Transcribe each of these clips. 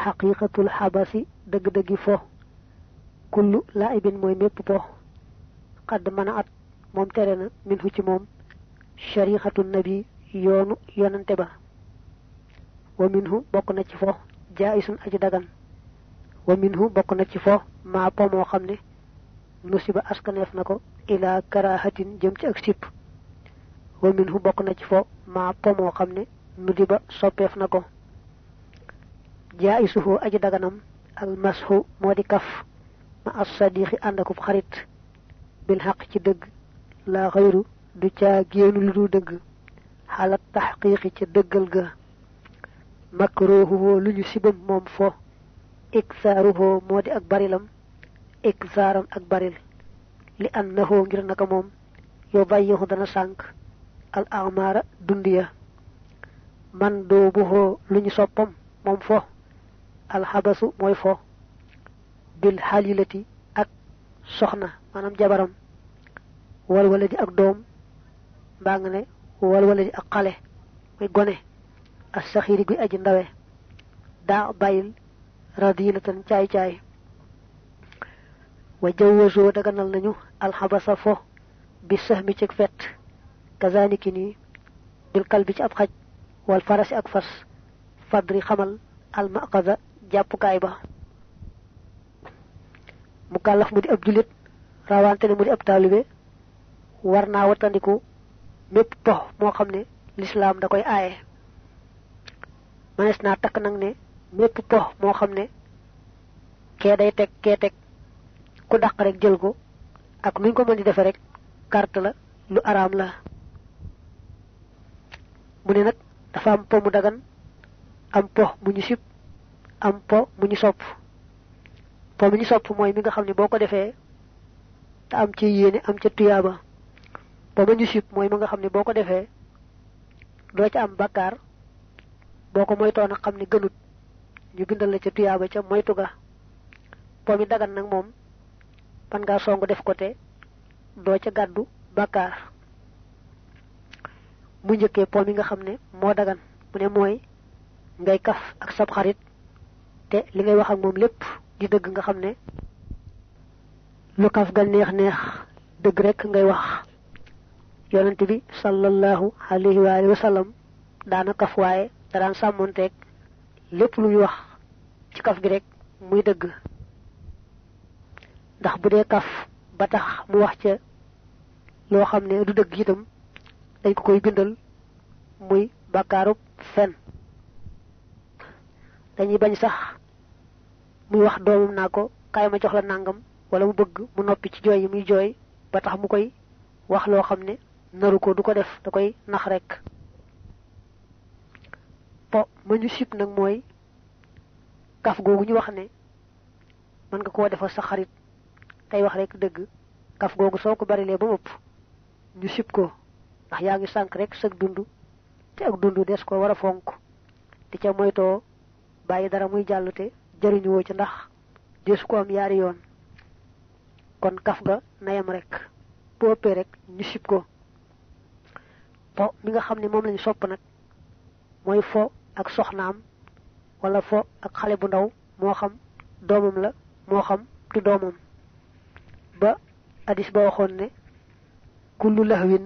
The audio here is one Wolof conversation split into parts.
xaqiqatul xabasi dëgg-dëggi fo kullu laibin mooy mépp po xadd mën at moom tere na min ci moom sharixatu nabi yoonu yonante ba wa min bokk na ci fo jaayisun aji dagan wa min bokk na ci fo ma po xam ne musiba askaneef na ko ilaa karahatin jëm ci ak sipp wa min bokk na ci fo maa po moo xam ne nudiba soppeef na ko jaayisuhu aji daganam almasxu moo di kaf ma as sadiqi ànd akub xarit bil xaq ci dëgg laa xayru du caa génn lu dul dëgg xalat taxqiqi ca dëggal ga makruhuhu lu ñu sibam moom fo iksaaruhu moo di ak barilam iksaaram ak baril li annahu ngir naka moom yow bàyyeexu dana sànq al amaara dund ya man doobuhu lu ñu soppam moom fo alxabasu mooy fo bil xalilati ak soxna maanaam jabaram wal wala di ak doom mbaa nga ne wal ak xale muy gone ak saxiiri guy aji ndawe daa bàyyil radilatan caay caay wa jawwasoo daganal nañu alxabasa fo bi sax mi ci fet kazaniki nii bil kal ci ab xaj wal farasi ak fas fadri xamal almaqada jàppukaay ba mu kàllaf mu di ab jullit rawante ne mu di ab taalibe war naa watandiku mépp pox moo xam ne lislaam da koy aaye mënees naa takk nag ne mépp pox moo xam ne kee day teg kee teg ku dàq rek jël ko ak nuñ ko mën di defe rek carte la lu araam la mu ne nag dafa am po mu dagan am pox mu ñu sib am po bu ñu sopp po bu ñu sopp mooy mi nga xam ne boo ko defee te am ci yéene am ca tuyaaba po ba ñu sib mooy mi nga xam ne boo ko defee doo ca am bakkaar boo ko moytoon a xam ne gënut ñu bindal la ca tuyaaba ca moytu ga po mi dagan nag moom man ngaa song def ko te doo ca gàddu bakkaar mu njëkkee po mi nga xam ne moo dagan mu ne mooy ngay kaf ak sab xarit te li ngay wax ak moom lépp di dëgg nga xam ne lu kaf ga neex neex dëgg rekk ngay wax yonent bi sallallahu alayhi wa alihi wa sallam daana kaf waaye da daan sàmmonteeg lépp lu wax ci kaf gi rekk muy dëgg ndax bu dee kaf ba tax mu wax ca loo xam ne du dëgg itam dañ ko koy bindal muy bàkkaarub fen dañuy bañ sax muy wax doomam naa ko kaay ma jox la nàngam wala mu bëgg mu noppi ci jooy yi muy jooy ba tax mu koy wax loo xam ne naru ko du ko def da koy nax rekk po ma ñu sib nag mooy kaf googu ñu wax ne mën nga koo defal sa xarit tey wax rekk dëgg kaf googu soo ko barilee ba mëpp ñu sib ko ndax yaa ngi sànq rekk sag dund te ak dund des ko war a fonk di ca moytoo bàyyi dara muy jàllute jariñuwoo ca ndax su ko am yaari yoon kon kaf ga nayam rek bu ëppee rek ñu sib ko po mi nga xam ni moom lañu sopp nag mooy fo ak soxnaam wala fo ak xale bu ndaw moo xam doomam la moo xam du doomam ba addis ba waxoon ne kullu lahwin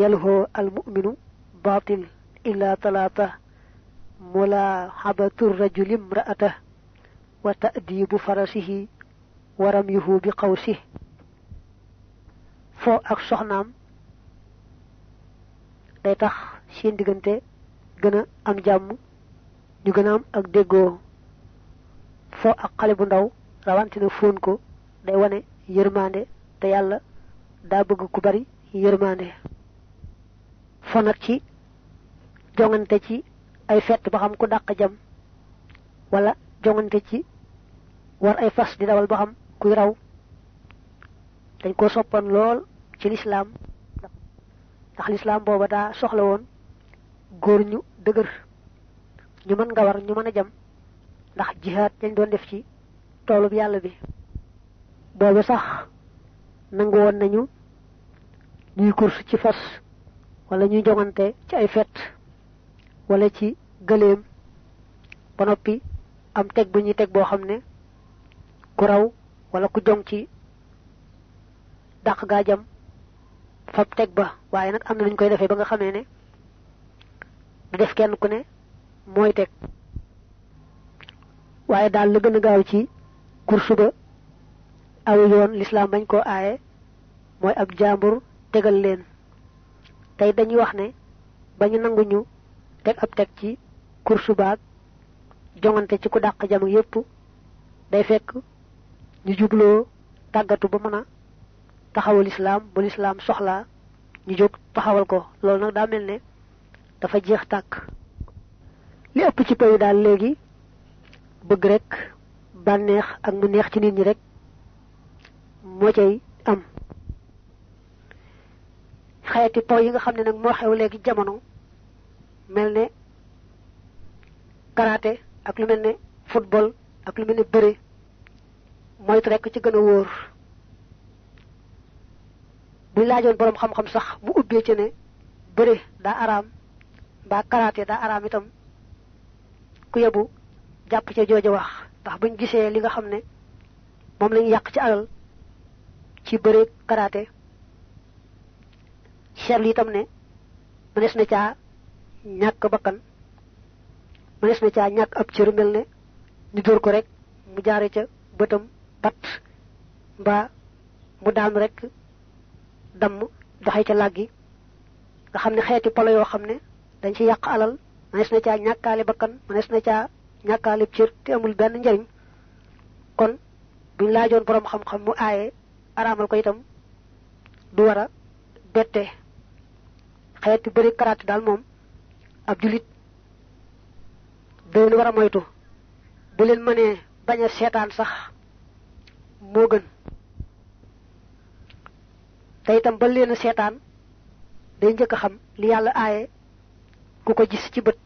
yalhoo almuminu batil illa talaata mulaahabatu rajuli imraata bu wa ta'diibu farasihi wa ramyuhu bi qawsi foo ak soxnaam day tax seen diggante gën a am jàmm ñu gën a am ak déggoo foo ak xale bu ndaw rawantina fóon ko day wane yërmande te yàlla daa bëgg ku bari yërmande fo nag ci jongante ci ay fett ba xam ku dàq jam walla jongante ci war ay fas di dawal ba xam kuy raw dañ ko soppan lool ci lislaam ndax lislaam booba daa soxla woon góor ñu dëgër ñu mën nga war ñu mën a jam ndax jihaad dañ doon def ci toolub yàlla bi booba sax nangu woon nañu ñuy course ci fas wala ñuy joŋante ci ay fet wala ci gëléem ba noppi am teg bu ñuy teg boo xam ne ku raw wala ku jom ci dàq gaa jam fab teg ba waaye nag am na ñu koy defee ba nga xamee ne du def kenn ku ne mooy teg waaye daal la gën a gaaw ci kursu ba aw yoon lislaam bañ koo aaye mooy ab jaambur tegal leen tey dañuy wax ne ba ñu nangu ñu teg ab teg ci kursu baag jongante ci ku dàq jam yépp day fekk ñu jubloo tàggatu ba mën a taxawal islaam bu lislaam soxlaa ñu jóg taxawal ko loolu nag daa mel ne dafa jeex tàkk li ëpp ci payu daal léegi bëgg rekk bànneex ak mu neex ci nit ñi rek moo cay am xeeti po yi nga xam ne nag moo xew léegi jamono mel ne karaté ak lu mel ne football ak lu mel ne bëre moytu rekk ci gën a wóor buñ laajoon boroom xam-xam sax bu ubbee ci ne bëre daa araam mbaa karaate daa araam itam ku yebu jàpp ca jooja wax ndax buñ gisee li nga xam ne moom lañu yàq ci alal ci bëre karaate lii tam ne mënees na caa ñàkk bakkan mënees na caa ñàkk ab cër mel ne ñu dóor ko rek mu jaare ca bëtam pat mbaa mu daanu rekk damm doxee ca làggi nga xam ne xeeti polo yoo xam ne dañ ci yàq alal mënees na caa ñàkkaale bakkan mënees na caa ñàkkaale cër te amul benn njariñ kon buñ laajoon boroom xam-xam mu aaye araamal ko itam du war a bette xeeti bëri karaate daal moom ab jullit da leen war a moytu bu leen mënee bañ a seetaan sax moo gën te ba leen seetaan day njëkk a xam li yàlla aaye ku ko gis ci bët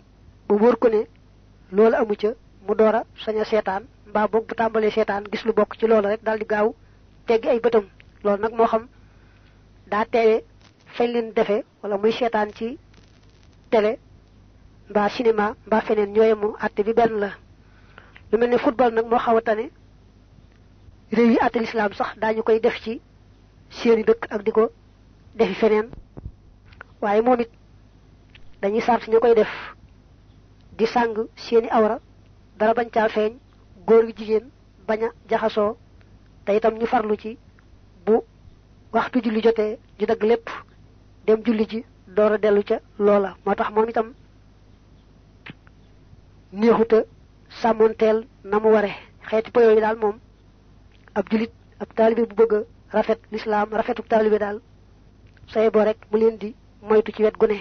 mu wóor ko ne loolu amu ca mu door a seetaan mbaa boog bu tàmbalee seetaan gis lu bokk ci loolu rek daal di gaaw teggi ay bëtam loolu nag moo xam daa teewe fañ leen defe wala muy seetaan ci télé mbaa cinéma mbaa feneen ñooye moom àtte bi benn la lu mel ne football nag moo xaw a tane réew yi àtte lislaam sax daañu koy def ci seeni dëkk ak di ko defi feneen waaye moom it dañuy sart ñu koy def di sàng seeni awra dara bañ caa feeñ góor gi jigéen bañ a jaxasoo te itam ñu farlu ci bu waxtu julli jotee ñu dagg lépp dem julli ci doora dellu ca loola moo tax moom itam néexuta sàmmoonteel na mu ware xeeti po yi daal moom ab julit ab taalibe bu bëgg a rafet lislaam rafetub taalibe daal saye boo rek mu leen di moytu ci wet gu ne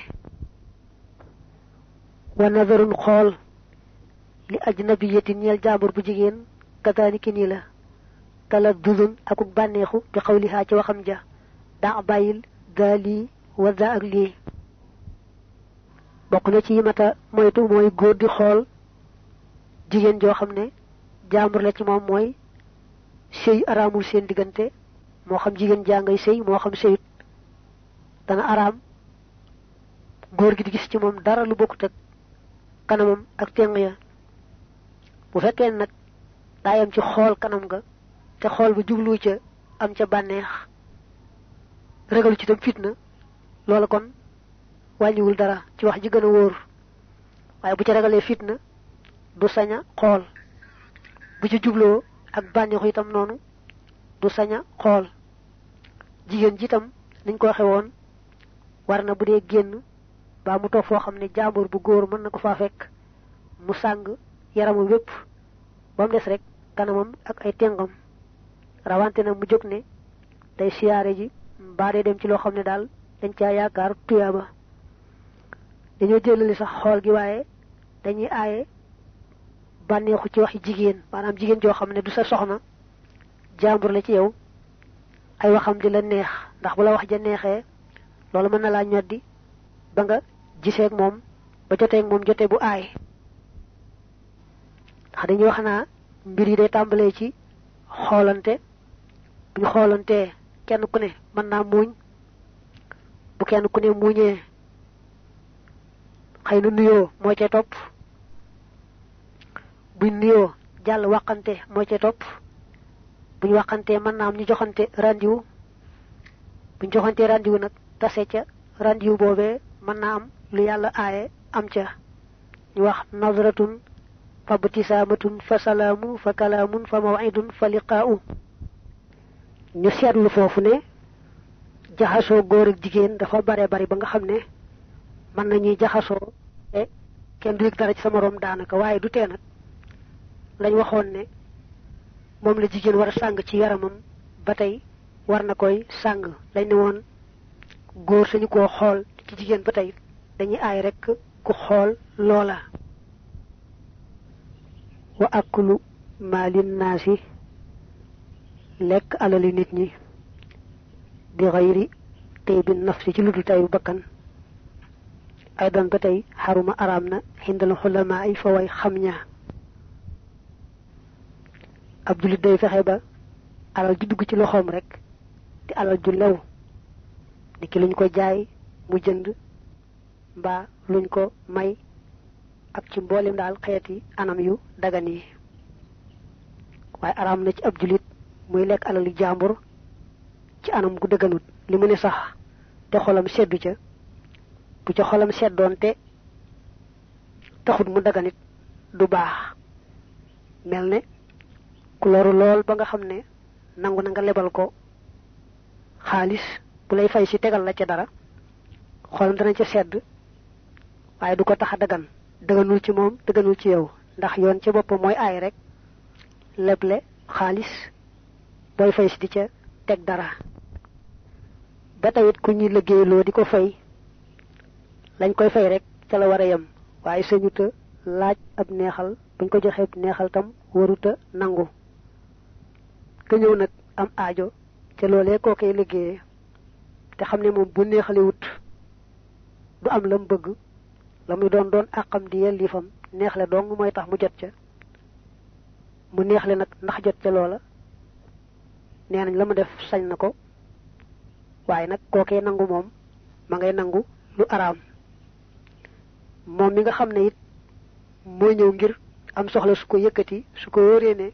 wa nazarun xool li ajnabiyati ñeel jaambur bu jigéen kadaaliki nii la tala dudun akuk bànneexu bi xawlihaa ci waxam ja daa bàyyil daa lii wa ak lii bokk na ci mata moytu mooy góor di xool jigéen joo xam ne jaambur la ci moom mooy sëy araamul seen diggante moo xam jigéen jaa ngay sëy moo xam sëyut dana araam góor gi di gis ci moom dara lu bokkut ak kanamam ak teng ya bu fekkee nag daa ci xool kanam ga te xool bu jublu ca am ca bànneex regalu ci tam fitna loola kon wàññiwul dara ci wax ji gën a wóor waaye bu ca ragalee fitna du saña xool bu ca jubloo ak bànneexu itam noonu du saña xool jigéen ji itam niñ ko waxe woon war na bu dee génn baa mu toog foo xam ne jàmbur bu góor mën na ko faa fekk mu sàng yaramam wépp ba mu des rek kanamam ak ay tengam rawante na mu jóg ne day siyaare ji mbaa day dem ci loo xam ne daal dañ caa yaakaar tuyaaba dañoo jëlali sax xool gi waaye dañuy aaye bànneexu ci waxi jigéen maanaam jigéen joo xam ne du sa soxna jàmbur la ci yow ay waxam di la neex ndax bu la wax ja neexee loolu mën na laa ñoddi ba nga gisee ak moom ba jotee ak moom jotee bu aay ndax dañuy wax naa mbir yi day tàmbalee ci xoolante bu ñu xoolantee kenn ku ne mën naa muuñ bu kenn ku ne muuñee xëy na nuyoo moo cay topp buñ nuyoo jàll waxante moo ca topp buñ waxantee mën na am ñu joxante rendez-vous buñ joxantee rendez-vous nag tase ca rendez-vous boobee mën na am lu yàlla aaye am ca ñu wax nazratun fa btisaamatun fa salaamun fa kalaamun fa mawidun fa liqaau ñu seetlu foofu ne jaxasoo góor ak jigéen dafa bare bari ba nga xam ne mën nañuy jaxasoo kenn du yëg dara ci sa moroom daanaka waaye du tee nag lañ waxoon ne moom la jigéen war a sàng ci yaramam ba tey war na koy sàng lañ ne woon góor sañu koo xool ci jigéen ba tey dañuy aay rekk ku xool loola wa aklu maalin naasi lekk alali nit ñi bi xayri tey bi nafsi ci ludul tey bu bakkan ay doon ba tey xaruma araam na xindal xulama ay fa xam ñaa ab jullit day fexe ba alal ju dugg ci loxoom rek di alal ju lew ni ki luñ ko jaay mu jënd mbaa luñ ko may ab ci mboolem daal xeeti anam yu dagan yi waaye araam na ci ab jullit muy lekk alal yu jàmbur ci anam gu dëgganut li mu ne sax te xolam seddu ca bu ca xolam seddoon te taxut mu daganit du baax mel ne ku lool ba nga xam ne nangu na nga lebal ko xaalis bu lay fay si tegal la ca dara xoolam dana ca sedd waaye du ko tax a dagan daganul ci moom daganul ci yow ndax yoon ci boppam mooy ay rek leble xaalis booy fay si di ca teg dara ba tawit ku ñuy liggéeyloo di ko fay lañ koy fay rek ca la war a yem waaye sañuta laaj ab neexal buñ ko joxee ab neexal tam waruta nangu ka ñëw nag am aajo ca loolee koo koy liggéeyee te xam ne moom bu neexaliwut du am lam bëgg la muy doon doon àqam di yellifam neexle dong mooy tax mu jot ca mu neexle nag ndax jot ca loola nee nañ la mu def sañ na ko waaye nag kookee nangu moom ma ngay nangu lu araam moom mi nga xam ne it mooy ñëw ngir am soxla su ko yëkkati su ko wóoree ne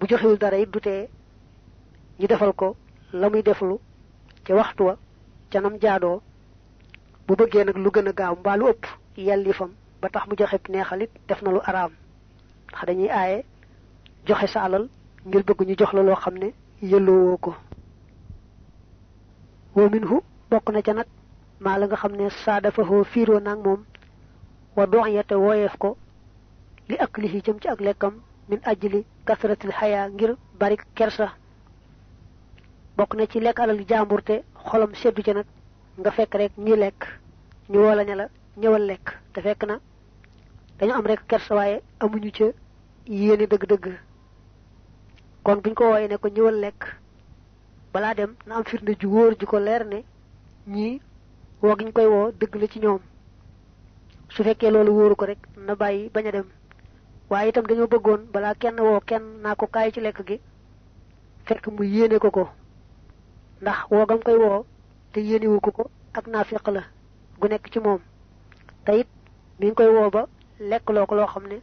bu joxewul dara it du tee ñu defal ko la muy deflu ca waxtu wa ca nam jaadoo bu bëggee nag lu gën a gaaw mbaa lu ëpp yellifam ba tax mu joxe neexalit def na lu araam ndax dañuy aaye joxe sa alal ngir bëgg ñu jox la loo xam ne yëlloowoo ko wa minhu bokk na ca nag maa la nga xam ne saa dafa xoo fiiroo naag moom wa dox yette wooyeef ko li ak li ci jëm ci ak lekkam min ajli kasratil xayaa ngir bari kersa bokk na ci lekk alal jàmbur te xolam seddu ca nag nga fekk rek ñi lekk ñu wala ne la ñëwal lekk te fekk na dañu am rek kersa waaye amuñu ca yéene dëgg-dëgg kon buñ ko wooyee ne ko ñëwal lekk balaa dem na am firnde ju wóor ju ko leer ne ñii woo giñ koy woo dëgg la ci ñoom su fekkee loolu wóoru ko rek na bàyyi bañ a dem waaye itam dañoo bëggoon balaa kenn woo kenn naa ko kaay ci lekk gi fekk mu yéene ko ko ndax woogam koy woo te yéenewu ko ko ak naafiq la gu nekk ci moom te it koy woo ba lekk loo ko loo xam ne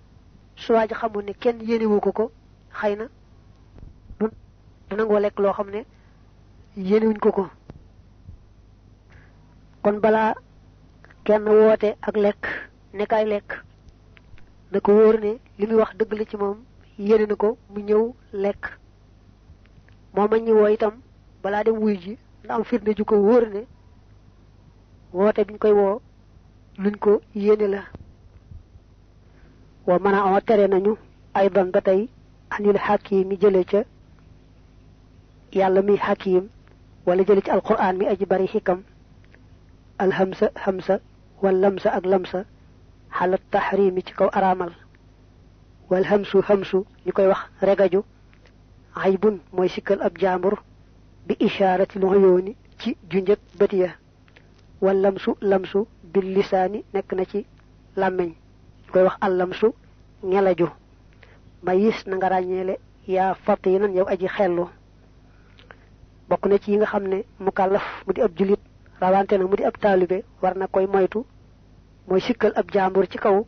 su waa ji xamul ne kenn yéenewu ko ko xay na du nangoo lekk loo xam ne yéenewuñ ko ko kon balaa kenn woote ak lekk ne kaay lekk na ko wóor ne li muy wax dëgg la ci moom yéene na ko mu ñëw lekk moo mañ ñi woo itam balaa dem wuy ji na am firnde ju ko wóor ne woote biñ koy woo luñ ko yéene la wa mën a oo tere nañu ay ban ba tey anil xakim yi jële ca yàlla mi xakim walla jële ci alquran mi aji bari xikam alhamsa hamsa wal lamsa ak lamsa xalat taxrimi ci kaw araamal wal hamsu hamsu ñu koy wax regaju aybun mooy sikkal ab jaambur bi ishaarati lu yooni ci junjëg bët ya wal lamsu lamsu bil lisaani nekk na ci làmmiñ ñu koy wax al lamsu ngelaju mayis na nga ràññeele yaa fatt yi nan yow aji xellu bokk na ci yi nga xam ne mukallaf mu di ab julit rawante na mu di ab taalibe war na koy moytu mooy sikkal ab jaambur ci kaw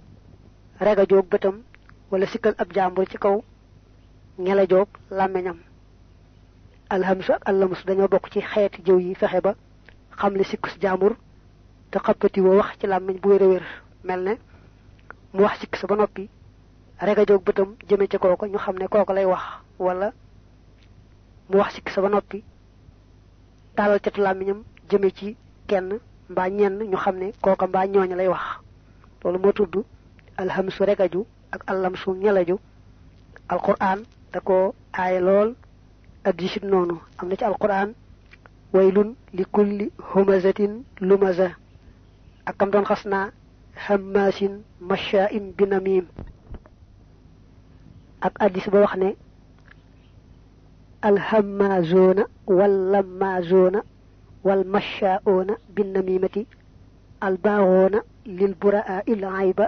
rega joog bëtam wala sikkal ab jaambur ci kaw ñela joog làmmiñam alhamsu ak dañoo bokk ci xeeti jëw yi fexe ba xam le sikkus jaambur te xappati woo wax ci làmmiñ bu wér a wér mel ne mu wax sikk sa ba noppi rega joog bëtam jëme ci kooka ñu xam ne kooka lay wax walla mu wax sikk sa ba noppi tàllal catu làmmiñam jëme ci kenn mbaa ñenn ñu xam ne kooka mbaa ñooña lay wax loolu moo tudd alhamsu rek ak allamsu ñelaju alquran da ko aaye lool ak yisit noonu am na ci alquran waylun li kulli humazatin lumaza ak kam doon xas naa hammaasin mashaa'in binamiim ak addis ba wax ne alhammaazoona wal wal mashaa'oona bin namimati albaaxoona lil buraa il ayba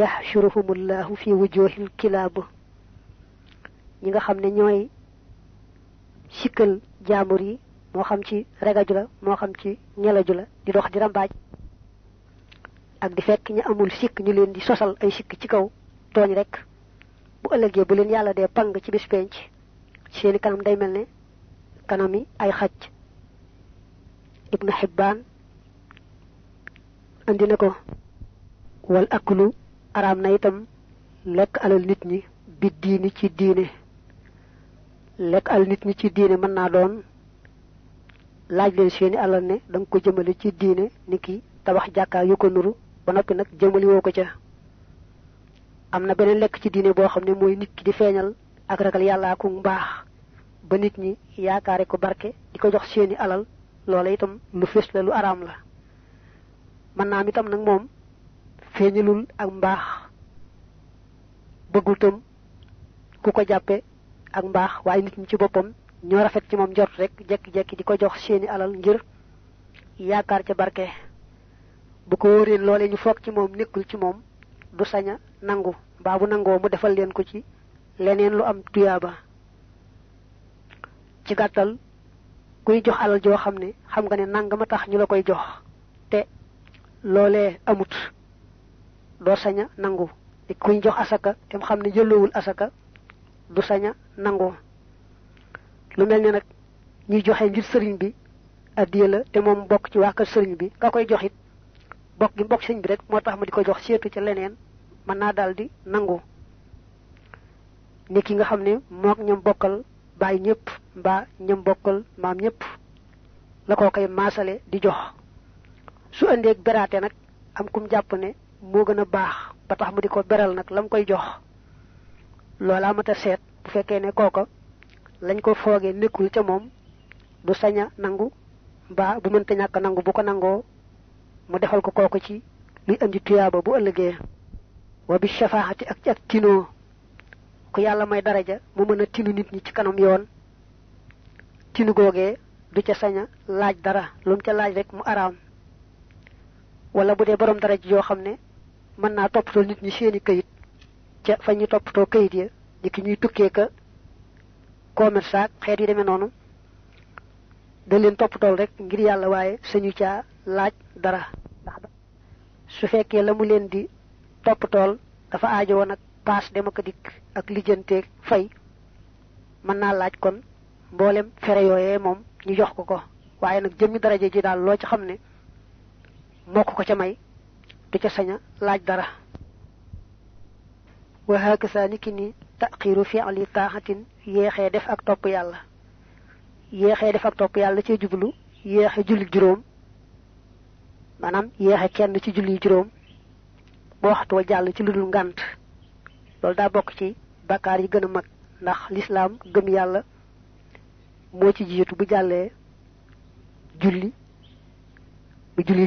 yaxshuruhumullahu fi wujuhil kilaab ñi nga xam ne ñooy sikkal jaambur yi moo xam ci regaju la moo xam ci ñelaju la di dox di rambaaj ak di fekk ñu amul sikk ñu leen di sosal ay sikk ci kaw tooñ rek bu ëllëgee bu leen yàlla dee pang ci bis penc seeni kanam day mel ne kanam yi ay xaj ibnu xibbaan andi na ko wal aklu araam na itam lekk alal nit ñi bi diini ci diine lekk alal nit ñi ci diine mën naa doon laaj leen seeni alal ne da nga ko jëmale ci diine ni ki tabax jàkkaar yu ko nuru ba noppi nag jëmali ko ca am na beneen lekk ci diine boo xam ne mooy nit ki di feeñal ak ragal yàllaa ku mbaax ba nit ñi yaakaare ko barke di ko jox seeni alal loola itam lu fés la lu araam la mën naa am itam nag moom feeñalul ak mbaax bëggul itam ku ko jàppe ak mbaax waaye nit ñi ci boppam ñoo rafet ci moom njort rek jekki-jekki di ko jox seeni alal ngir yaakaar ca barke bu ko wóoree loolee ñu foog ci moom nekkul ci moom du sañ a nangu mbaa bu nangoo mu defal leen ko ci leneen lu am tuyaaba ci gàttal kuy jox alal joo xam ne xam nga ne nangama tax ñu la koy jox te loolee amut doo saña nangu ni kuñ jox asaka te mu xam ne jëlloowul asaka du saña nangu lu mel ne nag ñuy joxe ngir sëriñ bi addiya la te moom bokk ci waa sëriñ bi ka koy jox it bokk gi bokk sëriñ bi rek moo tax ma di ko jox seetu ca leneen man naa daal di nangu ni ki nga xam ne mook ñoom bokkal bàyyi ñëpp mbaa ñëm bokkal maam ñëpp la koo koy maasale di jox su andeeg beraate nag am kum jàpp ne moo gën a baax ba tax mu di ko beral nag la koy jox loola mat a seet bu fekkee ne kooka lañ ko foogee nekkul ca moom du saña nangu mbaa bu mënta ñàkk nangu bu ko nangoo mu defal ko kooku ci luy andi tuyaaba bu ëllëgee wa bi shafaati ak ci ak tinoo ku yàlla may daraja mu mën a tinu nit ñi ci kanam yoon tinu googee du ca sañ a laaj dara lu mu ca laaj rekk mu araam wala bu dee borom daraja yoo xam ne mën naa toppatoo nit ñi seeni kayit ca fa ñuy toppatoo kayit ya ni ki ñuy tukkee ka commerce ak xeet yu deme noonu da leen toppatool rek ngir yàlla waaye sañu caa laaj dara su fekkee la mu leen di toppatool dafa aajo nag paas dem ak dikk ak lijjanteeg fay mën naa laaj kon mboolem fere yooyee moom ñu jox ko ko waaye nag jëmmi daraja ji daal loo ci xam ne mokk ko ca may du ca sañ a laaj dara wa hakasa sa ki ni taqiru fi'li taaxatin yéexee def ak topp yàlla yéexee def ak topp yàlla cee jublu yéexe julli juróom maanaam yéexe kenn ci julli juróom boo waxtu wa jàll ci lu dul ngànt loolu daa bokk ci bakkaar yi gën a mag ndax lislaam gëm yàlla moo ci jiitu bu jàllee julli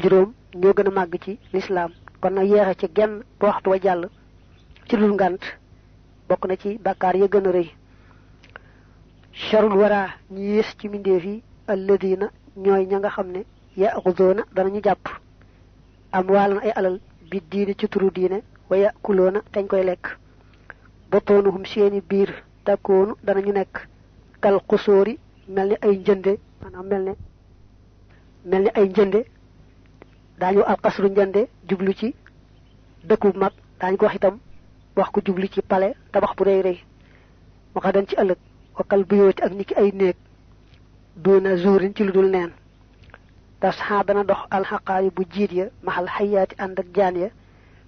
juróom ñoo gën a màgg ci lislaam kon nag yeexe ci genn ba waxtu wa jàll ci dul ngànt bokk na ci bakkaar ya gën a rëy charul wara ñi yées ci mbindeef yi alladina ñooy ña nga xam ne yaxudoona danañu jàpp am waala na ay alal bi diine ci turu diine wa yakuloona teñ koy lekk bottoonuhum seeni biir takkoonu danañu nekk kal xusóori mel ni ay njënde maanaam mel ni ay njënde daañu alxasru njënde jublu ci dëkk bu mag daañu ko wax itam wax ko jublu ci pale tabax bu rëy rëy waxa dañ ci ëllëg wakkal buyooti ak niki ay néeg doona zuurin ci lu dul neen tasxaa dana dox alxaqaayu bu jiit ya maxal xayaati ànd ak jaan ya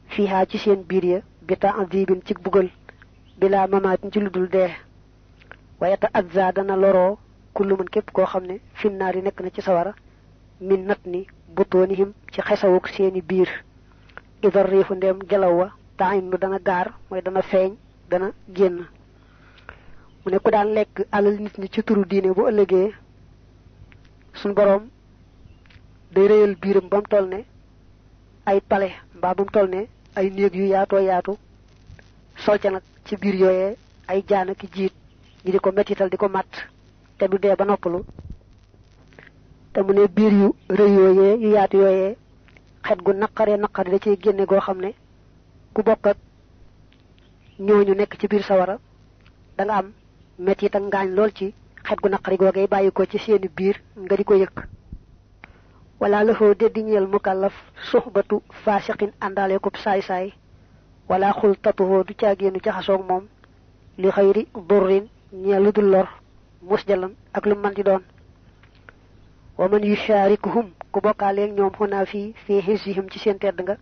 fiihaa ci seen biir ya bi ta'dibin ci bugal bilaa mamaatin ci lu dul dee wayata adza dana loroo kullu man képp koo xam ne finnaar yi nekk na ci sawara min nat ni butoonihim ci xesawuk seeni biir idar riifu ndeem gelaw wa taxin lu dana gaar mooy dana feeñ dana génn mu ne ku daan lekk alal nit ñi ci turu diine bu ëllëgee suñ boroom day réyal biiram ba toll ne ay pale mbaa ba mu toll ne ay néeg yu yaatoo yaatu sol ca nag ci biir yooyee ay jaan ak jiit ñi di ko mettital di ko màtt te du dee ba noppalu te mu ne biir yu rëy yooyee yu yaatu yooyee xet gu naqaree naqari da ciy génne goo xam ne ku bokk ak ñu nekk ci biir sawara da nga am mettit ak ngaañ lool ci xet gu naqari googee bàyyi ko ci seeni biir nga di ko yëkk wala la foo déddi ñeel mukallaf suxbatu faasiqin àndaale ko saay saay wala xul tatuhoo du caagéenu jaxasoog moom li xëyri durrin ñee lu dul lor musjalan ak lu mën di doon wa man yusharikuhum ku bokkaaleeg ñoom xunaa fii fii xisihim ci seen tedd nga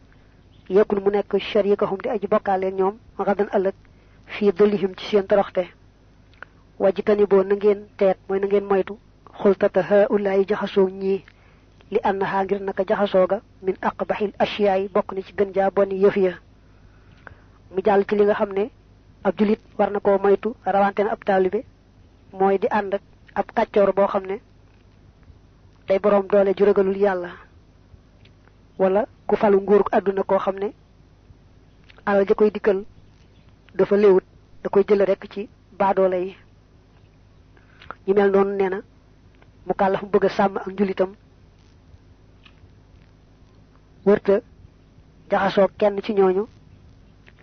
yekkul mu nekk sharikahum di aji bokkaaleeg ñoom xadan ëllëg fii dëllihim ci seen toroxte wajitani boo na ngeen teet mooy na ngeen moytu xultata haulaay jaxasoo ñii li annaha ngir naka jaxasooga min aqbahil ashiyaay bokk na ci gën jaa boni yëf ya mu jàll ci li nga xam ne ab julit war na koo moytu rawante na ab taalibe mooy di ànd ab kàccoor boo xam ne day boroom doole ju ragalul yàlla wala ku falu nguur àdduna koo xam ne alal ja koy dikkal dafa léewut da koy jële rekk ci baadoole yi ñu mel noonu nee na mu kàllaf mu bëgg a sàmm ak njulitam wërta jaxasoo kenn ci ñooñu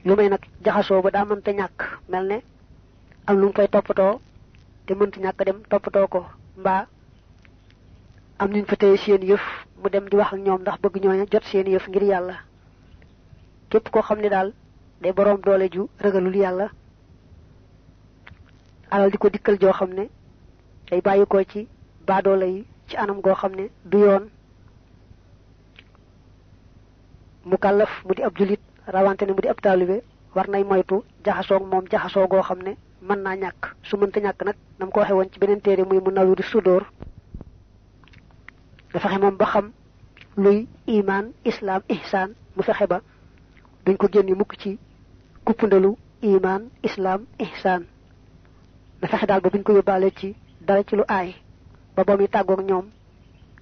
lu may nag jaxasoo ba daa mënta ñàkk mel ne am lu mu fay toppatoo te mënta ñàkk dem toppatoo ko mbaa am ñu fa téye seen yëf mu dem di wax ak ñoom ndax bëgg ñooña jot seen yëf ngir yàlla képp koo xam ne daal day boroom doole ju ragalul yàlla alal di ko dikkal joo xam ne day bàyyi ko ci baadoole yi ci anam goo xam ne du yoon mu kàllaf mu di ab jullit rawante ne mu di ab taalibe war nay moytu jaxasoog moom jaxasoo goo xam ne mën naa ñàkk su mënta ñàkk nag na mu ko waxee woon ci beneen téere muy mu nawiru sudóor nga fexe moom ba xam luy imaan islaam ihsaan mu fexe ba duñ ko génn mukk ci kuppundalu imaan islaam ihsaan na fexe daal ba buñ ko yóbbaale ci dara ci lu aay ba ba muy tàggoog ñoom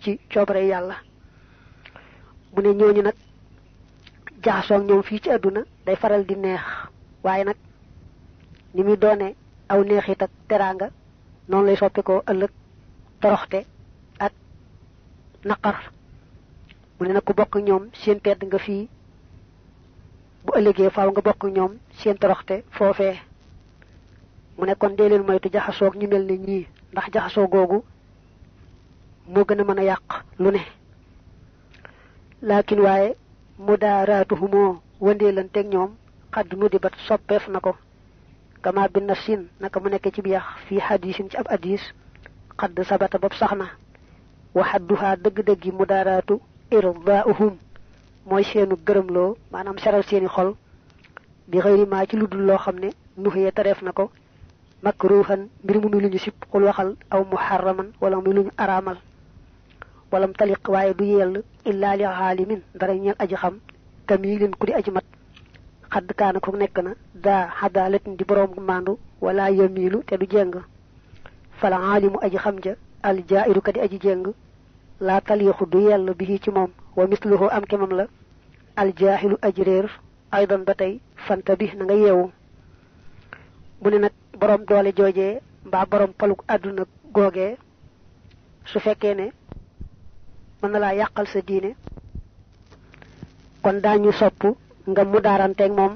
ci coobare yàlla mu ne ñooñu nag jaxasoog ñoom fii ci àdduna day faral di neex waaye nag ni muy doone aw neexit ak teraanga noonu lay soppi ko ëllëg toroxte ak naqar mu ne nag ku bokk ñoom seen tedd nga fii bu ëllëgee faaw nga bokk ñoom seen toroxte foofee mu ne kon dee leen moytu jaxasoog ñu mel ne ñii ndax jaxasoo googu moo gën a mën a yàq lu ne laakin waaye moo wëndeelanteeg ñoom xadd nu di bat soppeef na ko kama bi nafsin naka mu nekk ci biyax fii hadisin ci ab hadis xadd sabata bopp sax na waxadduhaa dëgg-dëggi mudaaraatu irdaauhum mooy seenu gërëmloo maanaam seral seeni xol di xëyri maa ci lu dul loo xam ne nuxiya tareef na ko makruhan mbir mu muy lu ñu sib xul aw muharraman wala muy lu ñu araamal walam taliq waaye du yell illa li xaalimin dara ñeel aji xam kamilin ku di aji mat xadd kaana ko nekk na daa xadaalatin di boroom mandu wala yamiilu te du jeng fala aalimu aji xam ja aljaa'iru ka di aji jeng laa taliixu du yell bi ci moom wa misluhu am kemam la aljaaxilu aji réer aydan ba tey fanta bi na nga yeewu mu ne nag boroom doole joojee mbaa boroom paluk àdduna googee su fekkee ne mën na laa yàqal sa diine kon daañu sopp nga mu daaranteeg moom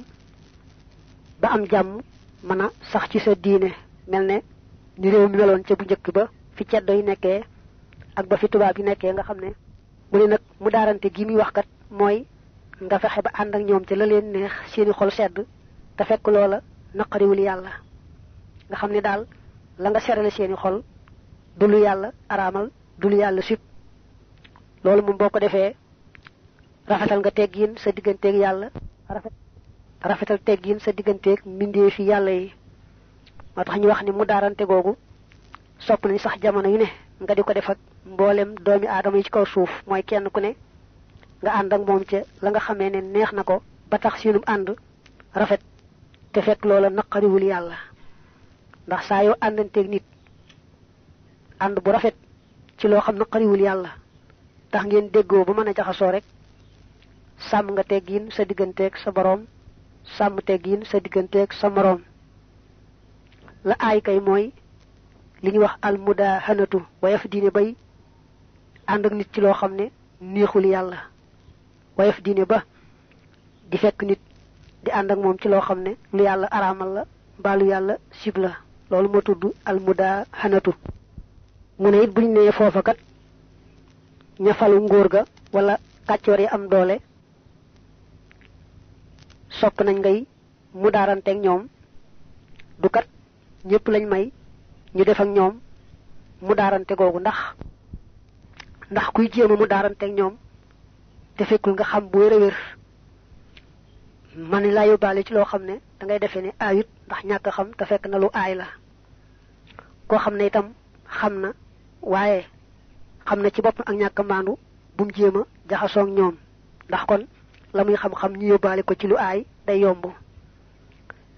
ba am jàmm mën a sax ci sa diine mel ne ni réew meloon ca bu njëkk ba fi ceddo yi nekkee ak ba fi tubaab yi nekkee nga xam ne mu ne nag mu daarante gi muy wax kat mooy nga fexe ba ànd ak ñoom ca la leen neex seeni xol sedd te fekk loola naqariwul yàlla nga xam ne daal la nga serale seeni xol du lu yàlla araamal du lu yàlla sib loolu moom boo ko defee rafetal nga teggin sa digganteek yàlla rafet rafetal teggin sa digganteek mbindeef yi yàlla yi moo tax ñu wax ni mu daarante googu sopp nañu sax jamono yu ne nga di ko def ak mboolem doomi aadama yi ci kaw suuf mooy kenn ku ne nga ànd ak moom ca la nga xamee ne neex na ko ba tax siinum ànd rafet te fekk loola naqariwul yàlla ndax saa yoo àndanteeg nit ànd bu rafet ci loo xam naqariwul yàlla tax ngeen déggoo ba mën a jaxasoo rek sàmm nga teggiin sa digganteek sa boroom sàmm teggiin sa digganteeg sa moroom la aay kay mooy li ñuy wax almudahanatu wayaf diine bay ànd ak nit ci loo xam ne neexul yàlla wayaf diine ba di fekk nit di ànd ak moom ci loo xam ne lu yàlla araamal la mbaalu yàlla sib loolu moo tudd almudahanatu mu ne it buñ nee foofa kat ña falu nguur ga wala kàccoor yi am doole sopp nañ ngay mu daaranteeg ñoom du kat ñëpp lañ may ñu def ak ñoom mu daarante googu ndax ndax kuy jéema mu daaranteeg ñoom te fekkul nga xam bu wér a ni man laa yóbbaale ci loo xam ne dangay ngay defee ne aayut ndax ñàkk xam te fekk na lu aay la koo xam ne itam xam na waaye xam na ci boppam ak ñàkk maandu bu mu jéem a ñoom ndax kon la muy xam-xam ñu yóbbaale ko ci lu aay day yomb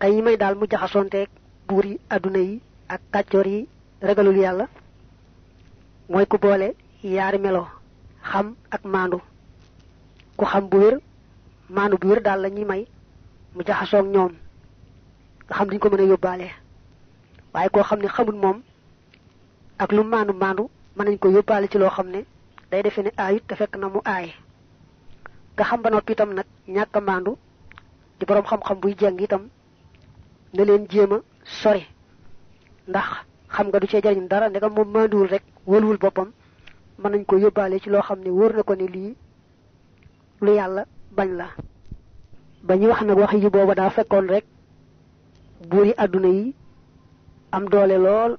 kay yi may daal mu jaxasoonteeg buur yi àdduna yi ak kàccoor yi ragalul yàlla mooy ku boole yaari melo xam ak maandu ku xam bu wér maandu bu wér daal la ñuy may mu jaxasoog ñoom nga xam duñ ko mën yóbbaale waaye koo xam ne xamul moom ak lu maandu maandu mën nañ ko yóbbaale ci loo xam ne day defe ne aayut te fekk na mu aay nga xam ba noppi itam nag ñàkk a di boroom xam-xam buy jàng itam na leen jéem a sori ndax xam nga du cee jariñ dara ndegam moom maanduwul rek wëlwul boppam mën nañ ko yóbbaale ci loo xam ne wóor na ko ne lii lu yàlla bañ la ba ñu wax nag wax yi booba daa fekkoon rek buur yi àdduna yi am doole lool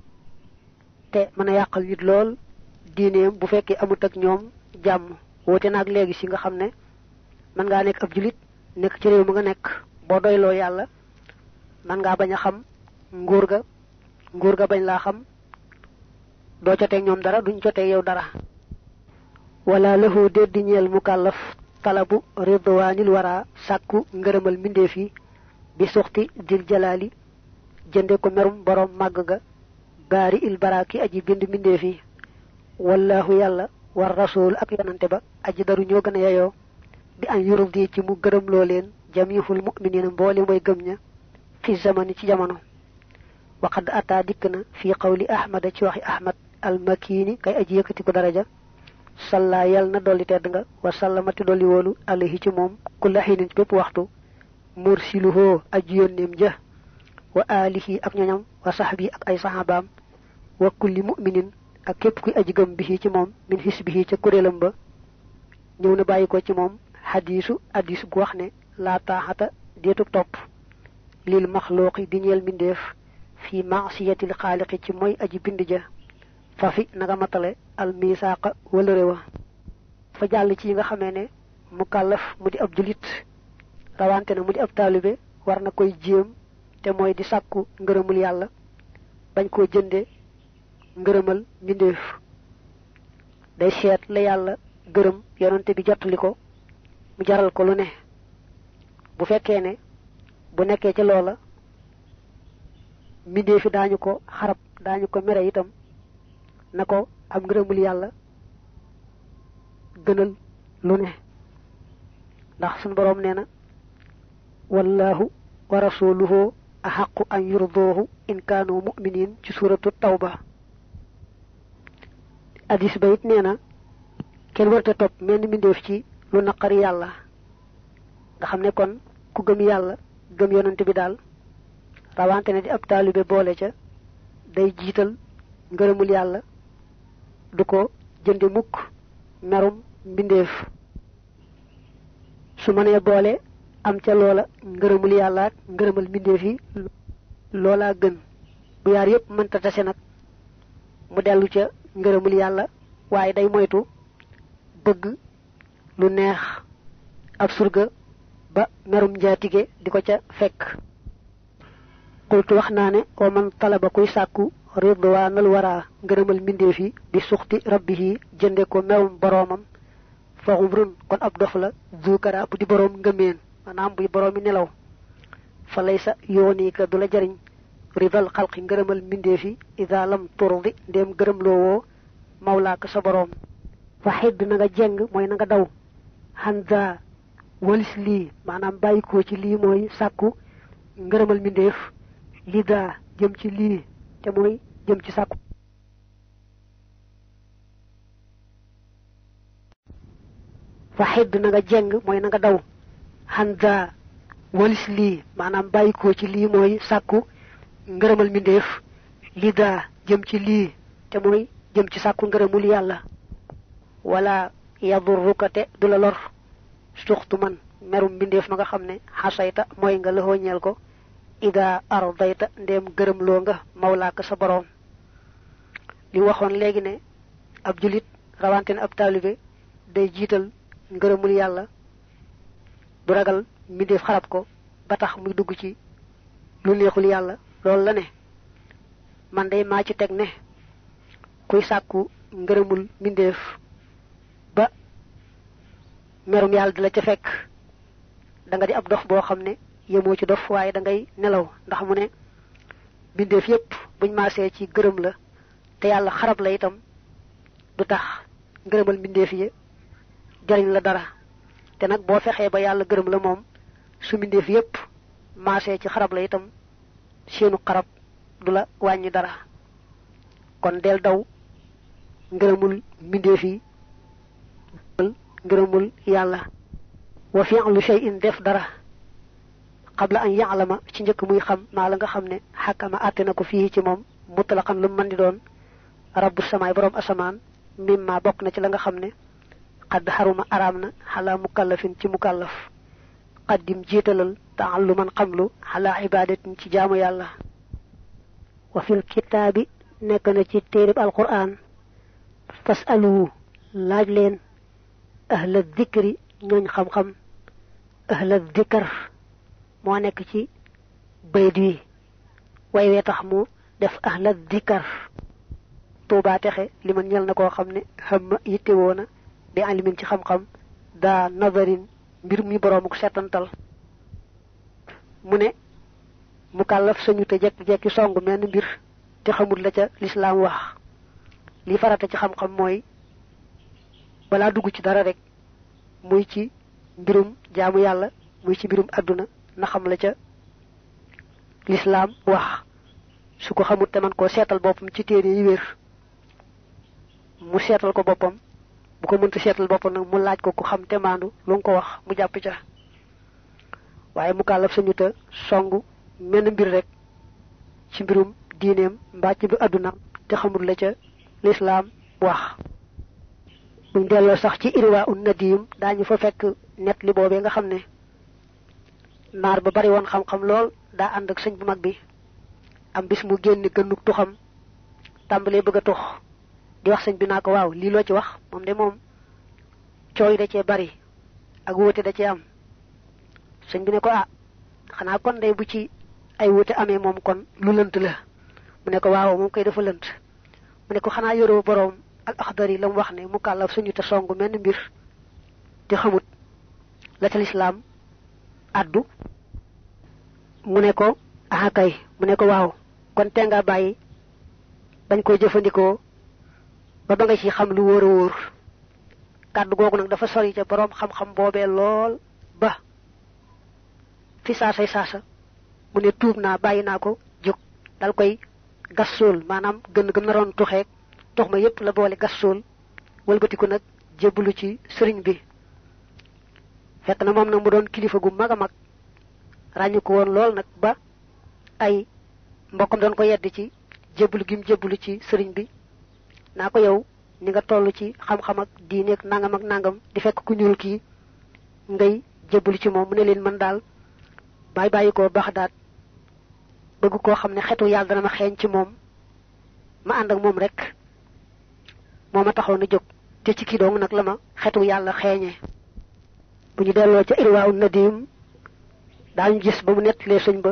te mën a yàqal nit lool diineem bu fekkee amut ak ñoom jàmm woote naag léegi ci nga xam ne mën ngaa nekk ab julit nekk ci réew mi nga nekk boo doyloo yàlla mën ngaa bañ a xam nguur ga nguur ga bañ laa xam doo jotee ñoom dara duñ jotee yow dara wala lahu déet di ñeel mukallaf talabu ridwaanil wara sàkku ngërëmal mbindeef yi bi suxti dil jalaali jënde ko merum borom màgg ga baari il baraaki aji bind mbindeef yi wallaahu yàlla war rasul ak yonante ba aji daru ñoo gën a yeyoo bi an yurub di ci mu gërëm loo leen jamihul muminina mboole mooy gëm ña fi zamani ci jamono waqad ataa dikk na fii qawli ahmada ci waxi ahmad almakiini kay aji yëkkati ko daraja salla yàlla na dolli tedd nga wa sallamati dolli woolu alayhi ci moom ku laxinin ci bépp waxtu mursiluhoo aji yónneem ja wa alihi ak ñoñam wa sahbi ak ay sahabaam wa kulli muminin ak képp kuy aji gëm bi ci moom min xis bi ca kuréelam ba ñëw na bàyyi ko ci moom xadiisu hadis gu wax ne laa taaxata deetub topp lil maxluuqi di ñeel mbindeef fii maasiyatil xaaliqi ci mooy aji bind ja fa nanga matale al misaaqa wala fa jàll ci yi nga xamee ne mu kàllaf mu di ab julit rawante na mu di ab taalibe war na koy jéem te mooy di sàkku ngërëmul yàlla bañ koo jënde ngërëmal mbindeef day seet la yàlla gërëm yonante bi jottali ko mu jaral ko lu ne bu fekkee ne bu nekkee ci loola mbindeefi daañu ko xarab daañu ko mere itam na ko am ngërëmul yàlla gënal lu ne ndax suñu boroom nee na wallahu wa rasuluhu axaqu an yurdoohu in kaanu muminin ci suuratu tawba addis ba it nee na kenn warta topp menn mbindeef ci lu naqari yàlla nga xam ne kon ku gëm yàlla gëm yonent bi daal rawante ne di ab taalibe boole ca day jiital ngërëmul yàlla du ko jënde mukk merum mbindeef su mënee boole am ca loola ngërëmul yàlla ak ngërëmal mbindeef yi loolaa gën bu yaar yépp mënta tase nag mu dellu ca ngërëmul yàlla waaye day moytu bëgg lu neex ab surga ba merum njaatige di ko ca fekk xultu wax naa ne wa man talaba kuy sàkku ridwaanal waraa ngërëmal mbindeef yi bi suxti rabbihi jënde ko merum boroomam faxum run kon ab dof la zuukara bu di boroom ngëmeen maanaam buy boroomi nelaw fa lay sa yoon du la jariñ ridal xalqi ngërëmal mbindeef yi ida lam turdi ndéem gërëm loowoo mawlaaka sa boroom waxid na nga jeng mooy naga nga daw hanza walis lii maanaam bàyyikoo ci lii sàkku ngërëmal mbindeef lida jëm ci lii te mooy jëm ci sàkku waxid na jeng mooy na nga daw hanza walis lii maanaam ci lii sàkku ngërëmal mbindeef li jëm ci lii te muy jëm ci sàkku ngërëmul yàlla wala yadurruka te du la lor suxtu man merum mbindeef ma nga xam ne xasayta mooy nga lëxoo ñeel ko ida ardayta ndéem gërëm loo nga mawlaaka sa boroom li waxoon léegi ne ab julit rawante ne ab taalibe day jiital ngërëmul yàlla du ragal mbindeef xarab ko ba tax muy dugg ci lu neexul yàlla loolu la ne man dey maa ci teg ne kuy sàkku ngërëmul mbindeef ba merum yàlla di la ca fekk danga di ab dof boo xam ne yemoo ci dof waaye da ngay nelaw ndax mu ne mbindeef yépp buñ maasee ci gërëm la te yàlla xarab la itam du tax ngërëmal mbindeef yi jariñ la dara te nag boo fexee ba yàlla gërëm la moom su mbindeef yépp maasee ci xarab la itam seenu xarab du la wàññi dara kon del daw ngërëmul mbindeef yi ngërëmul yàlla wa fi'lu shay'in def dara xabla an ma ci njëkk muy xam maa la nga xam ne xàkkama àtte na ko fii ci moom mutlaqan lu mën di doon rabbu samaay boroom asamaan mimma bokk na ci la nga xam ne xadd xaruma araam na xalaa mukallafin ci mukallaf qaddim jiitalal taalluman xamlu ala ibadatin ci jaamu yàlla wa fil kitaabi nekk na ci téerib alquran fasaluhu laaj leen ahla dikri ñooñ xam-xam ahla dikar moo nekk ci bayt wi way wee tax mu def ahla dikar tuubaa texe li man ñel na koo xam ne xam ma woona bi alimin ci xam-xam daa nazarin mbir muy boroomuk setantal mu ne mu kàllaf sañu te jekki-jekki song menn mbir te xamul la ca lislaam wax li farata ci xam-xam mooy balaa dugg ci dara rek muy ci mbirum jaamu yàlla muy ci mbirum àdduna na xam la ca lislaam wax su ko xamul te man koo seetal boppam ci téere yi wér mu seetal ko boppam bu ko mënta seetal boppam nag mu laaj ko ku xam te maandu lu nga ko wax mu jàpp ca waaye mu kàllaf sañu ta song menn mbir rek ci mbirum diineem mbaa ci àdduna te xamul la ca lislaam wax buñ delloo sax ci irwaa un nadim daañu fa fekk net li boobee nga xam ne naar ba bari woon xam-xam lool daa ànd ak sëñ bu mag bi am bis mu génn gënnuk tuxam tàmbalee bëgg tux di wax sëñ bi naa ko waaw lii loo ci wax moom de moom cooy da cee bari ak wóote da cee am sëñ bi ne ko ah xanaa kon day bu ci ay wóote amee moom kon lu lënt la mu ne ko waaw moom koy dafa lënt mu ne ko xanaa yoroo boroom al axdar yi la mu wax ne mu kàllaf sëñu te song menn mbir te xamut la ca lislaam addu mu ne ko aha mu ne ko waaw kon te nga bàyyi bañ koo jëfandikoo ba ba nga ci xam lu wóor a wóor kàddu googu nag dafa sori ca boroom xam-xam boobee lool ba fi saasay saasa mu ne tuub naa bàyyi naa ko jóg dal koy gas suul maanaam gën gën naroon tuxeeg tox ma yépp la boole gas suul wëlbatiku nag jébbalu ci sëriñ bi fekk na moom nag mu doon kilifa gu mag a mag ràññu ko woon lool nag ba ay mbokkam doon ko yedd ci jébbalu gi mu jébbalu ci sëriñ bi naa ko yow ni nga toll ci xam-xam ak diine ak nangam ak nangam di fekk ku ñuul kii ngay jébbalu ci moom mu ne leen man daal bàyyi bàyyi koo baxdaat bëgg koo xam ne xetu yàlla dana ma xeeñ ci moom ma ànd ak moom rek moo ma taxoon jóg te ci kii dong nag la ma xetu yàlla xeeñe bu ñu delloo ca irwaa un nadim daañu gis ba mu nettalee sëñ ba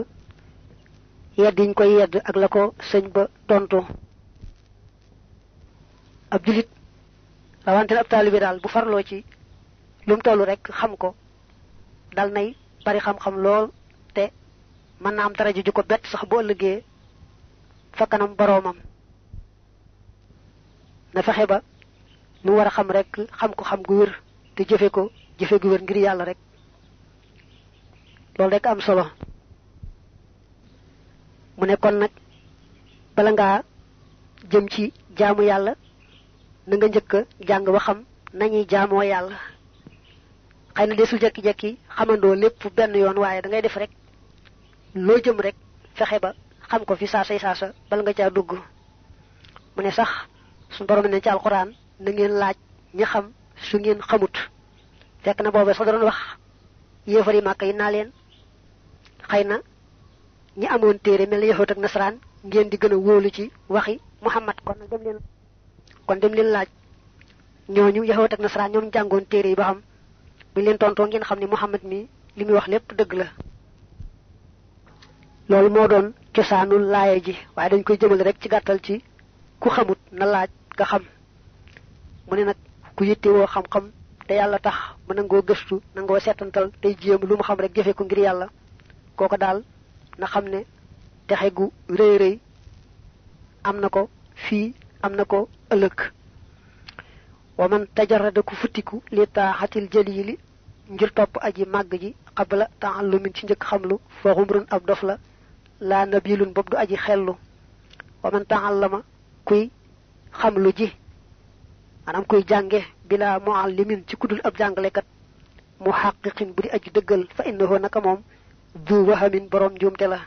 yedd yi ñu koy yedd ak la ko sëñ ba tontu. ab julit rawante ab taalibe daal bu farloo ci lu tollu rek xam ko dal nay bari xam-xam lool te mën na am ji ju ko bett sax bu ëllëgee fa kanam boroomam na fexe ba lu war a xam rek xam ko xam gu wér te jëfe ko jëfe gu wér ngir yàlla rek loolu rek am solo mu ne kon nag bala ngaa jëm ci jaamu yàlla na nga njëkk a jàng ba xam nañuy jaamoo yàlla xëy na desul jekki-jekki xamandoo lépp benn yoon waaye da ngay def rek loo jëm rek fexe ba xam ko fi saasay saasa bala nga caa dugg mu ne sax su borom ne ci alxuraan na ngeen laaj ña xam su ngeen xamut fekk na booba sax doon wax yéefar màkk yi naa leen xëy na ñi amoon téere mel na yaxut ak nasaraan ngeen di gën a wóolu ci waxi Muhammad kon nag dem leen kon dem leen laaj ñooñu yahoot ak nasaraan ñoom jàngoon téere yi ba xam buñ leen tontoo ngeen xam ne Muhammad mi li muy wax lépp dëgg la loolu moo doon cosaanul laaya ji waaye dañ koy jëmal rek ci gàttal ci ku xamut na laaj nga xam mu ne nag ku yittewoo xam-xam te yàlla tax mën nangoo gëstu nangoo seetantal tey jéem lu mu xam rek jëfe ko ngir yàlla kooko daal na xam ne texe gu rëy rëy am na ko fii am na ko ëllëg wa man tajarada ku futtiku li taaxatil jaliili ngir topp aji màgg ji xabla taallumin ci njëkk xamlu fa xumrun ab dof la laa nabilun bopp du aji xellu wa man taallama kuy xamlu ji maanaam kuy jànge bila muallimin ci kudul ab jàngalekat mu xaqiqin bu di aji dëggal fa innahu naka moom du wahamin borom njuumte la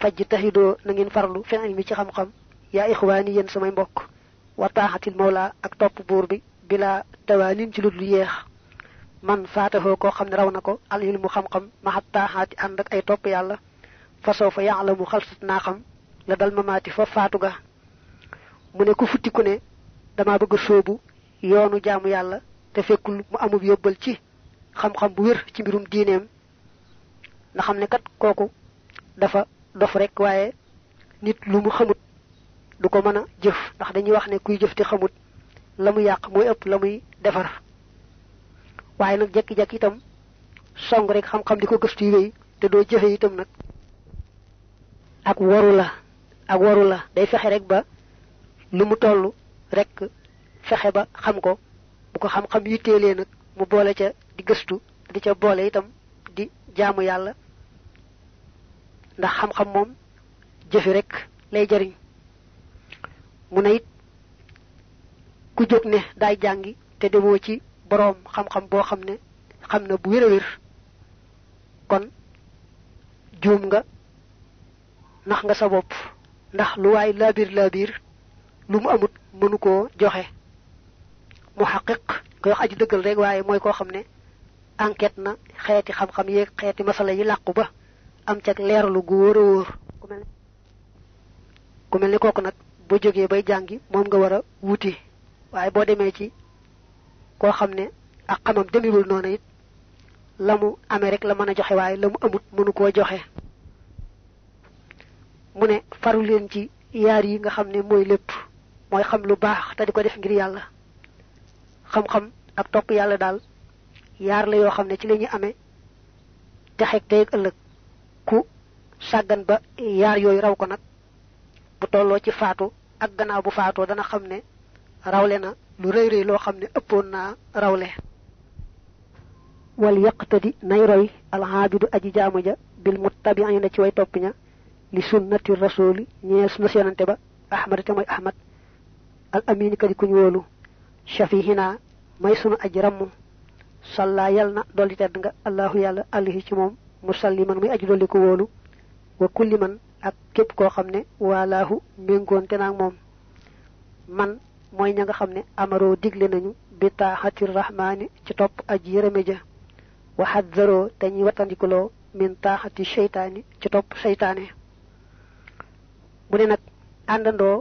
fajj taxidoo na ngeen farlu feneen mi ci xam-xam yaa ixwaani yéen samay mbokk wa taaxatil mawla ak topp buur bi bila dawaanin ci lu dul yéex man faatahoo koo xam ne raw na ko alhilmu xam-xam maxat taaxaati ànd ak ay topp yàlla fa soo fa yaalamu xalsat naa xam la dal mamaati fa faatu ga mu ne ku futti ku ne dama bëgg sóobu yoonu jaamu yàlla te fekkul mu amub yóbbal ci xam-xam bu wér ci mbirum diineem nga ne kat kooku dafa dof rek waaye nit lu mu xamut du ko mën a jëf ndax dañuy wax ne kuy jëf te xamut la mu yàq mooy ëpp la muy defar waaye nag jekki-jekki itam song rek xam-xam di ko gëstu yi wéy te doo jëfe itam nag ak waru la ak waru la day fexe rek ba lu mu tollu rek fexe ba xam ko bu ko xam-xam yitteelee nag mu boole ca di gëstu di ca boole itam di jaamu yàlla ndax xam-xam moom jëfi rek lay jariñ mu ne it ku jóg ne daay jàngi te demoo ci boroom xam-xam boo xam ne xam na bu wér a wér kon juum nga ndax nga sa bopp ndax lu waay laabiir laabiir lu mu amut mënu koo joxe mu xaqiq koy wax aji dëggal rek waaye mooy koo xam ne enquête na xeeti xam-xam yeeg xeeti masala yi làqu ba am cag leerlu gu wóor a wóor ku mel ne kooku nag boo jógee bay jàngi moom nga war a wuti waaye boo demee ci koo xam ne ak xamam demewul noonu it la mu amee rek la mën a joxe waaye la mu amut mënu koo joxe mu ne faru leen ci yaar yi nga xam ne mooy lépp mooy xam lu baax te di ko def ngir yàlla xam-xam ak topp yàlla daal yaar la yoo xam ne ci la ñuy amee texeeg tey ëllëg ku sàggan ba yaar yooyu raw ko nag bu tolloo ci faatu ak bu faatoo dana xam ne rawle na lu rëy rëy loo xam ne ëppoon naa rawle wal yaqtadi nay roy alxaabidu aji jaamu ja bil muttabiina ci way topp ña li sunnati rasuli ñeel sunna seenante ba ahmad te mooy ahmad al amin kadi kuñ wóolu shafihina may sunu aji ramm salla yal na dolli tedd nga allahu yàlla alihi ci moom musalliman muy aji dolli ko wóolu wa kulli man ak képp koo xam ne waalaahu méngoonte naag moom man mooy ña nga xam ne amaroo digle nañu bi taaxati rahmaani ci topp aji yërëme ja waxaat zaroo te ñuy wattandikuloo min taaxati seytaani ci topp seytaane mu ne nag àndandoo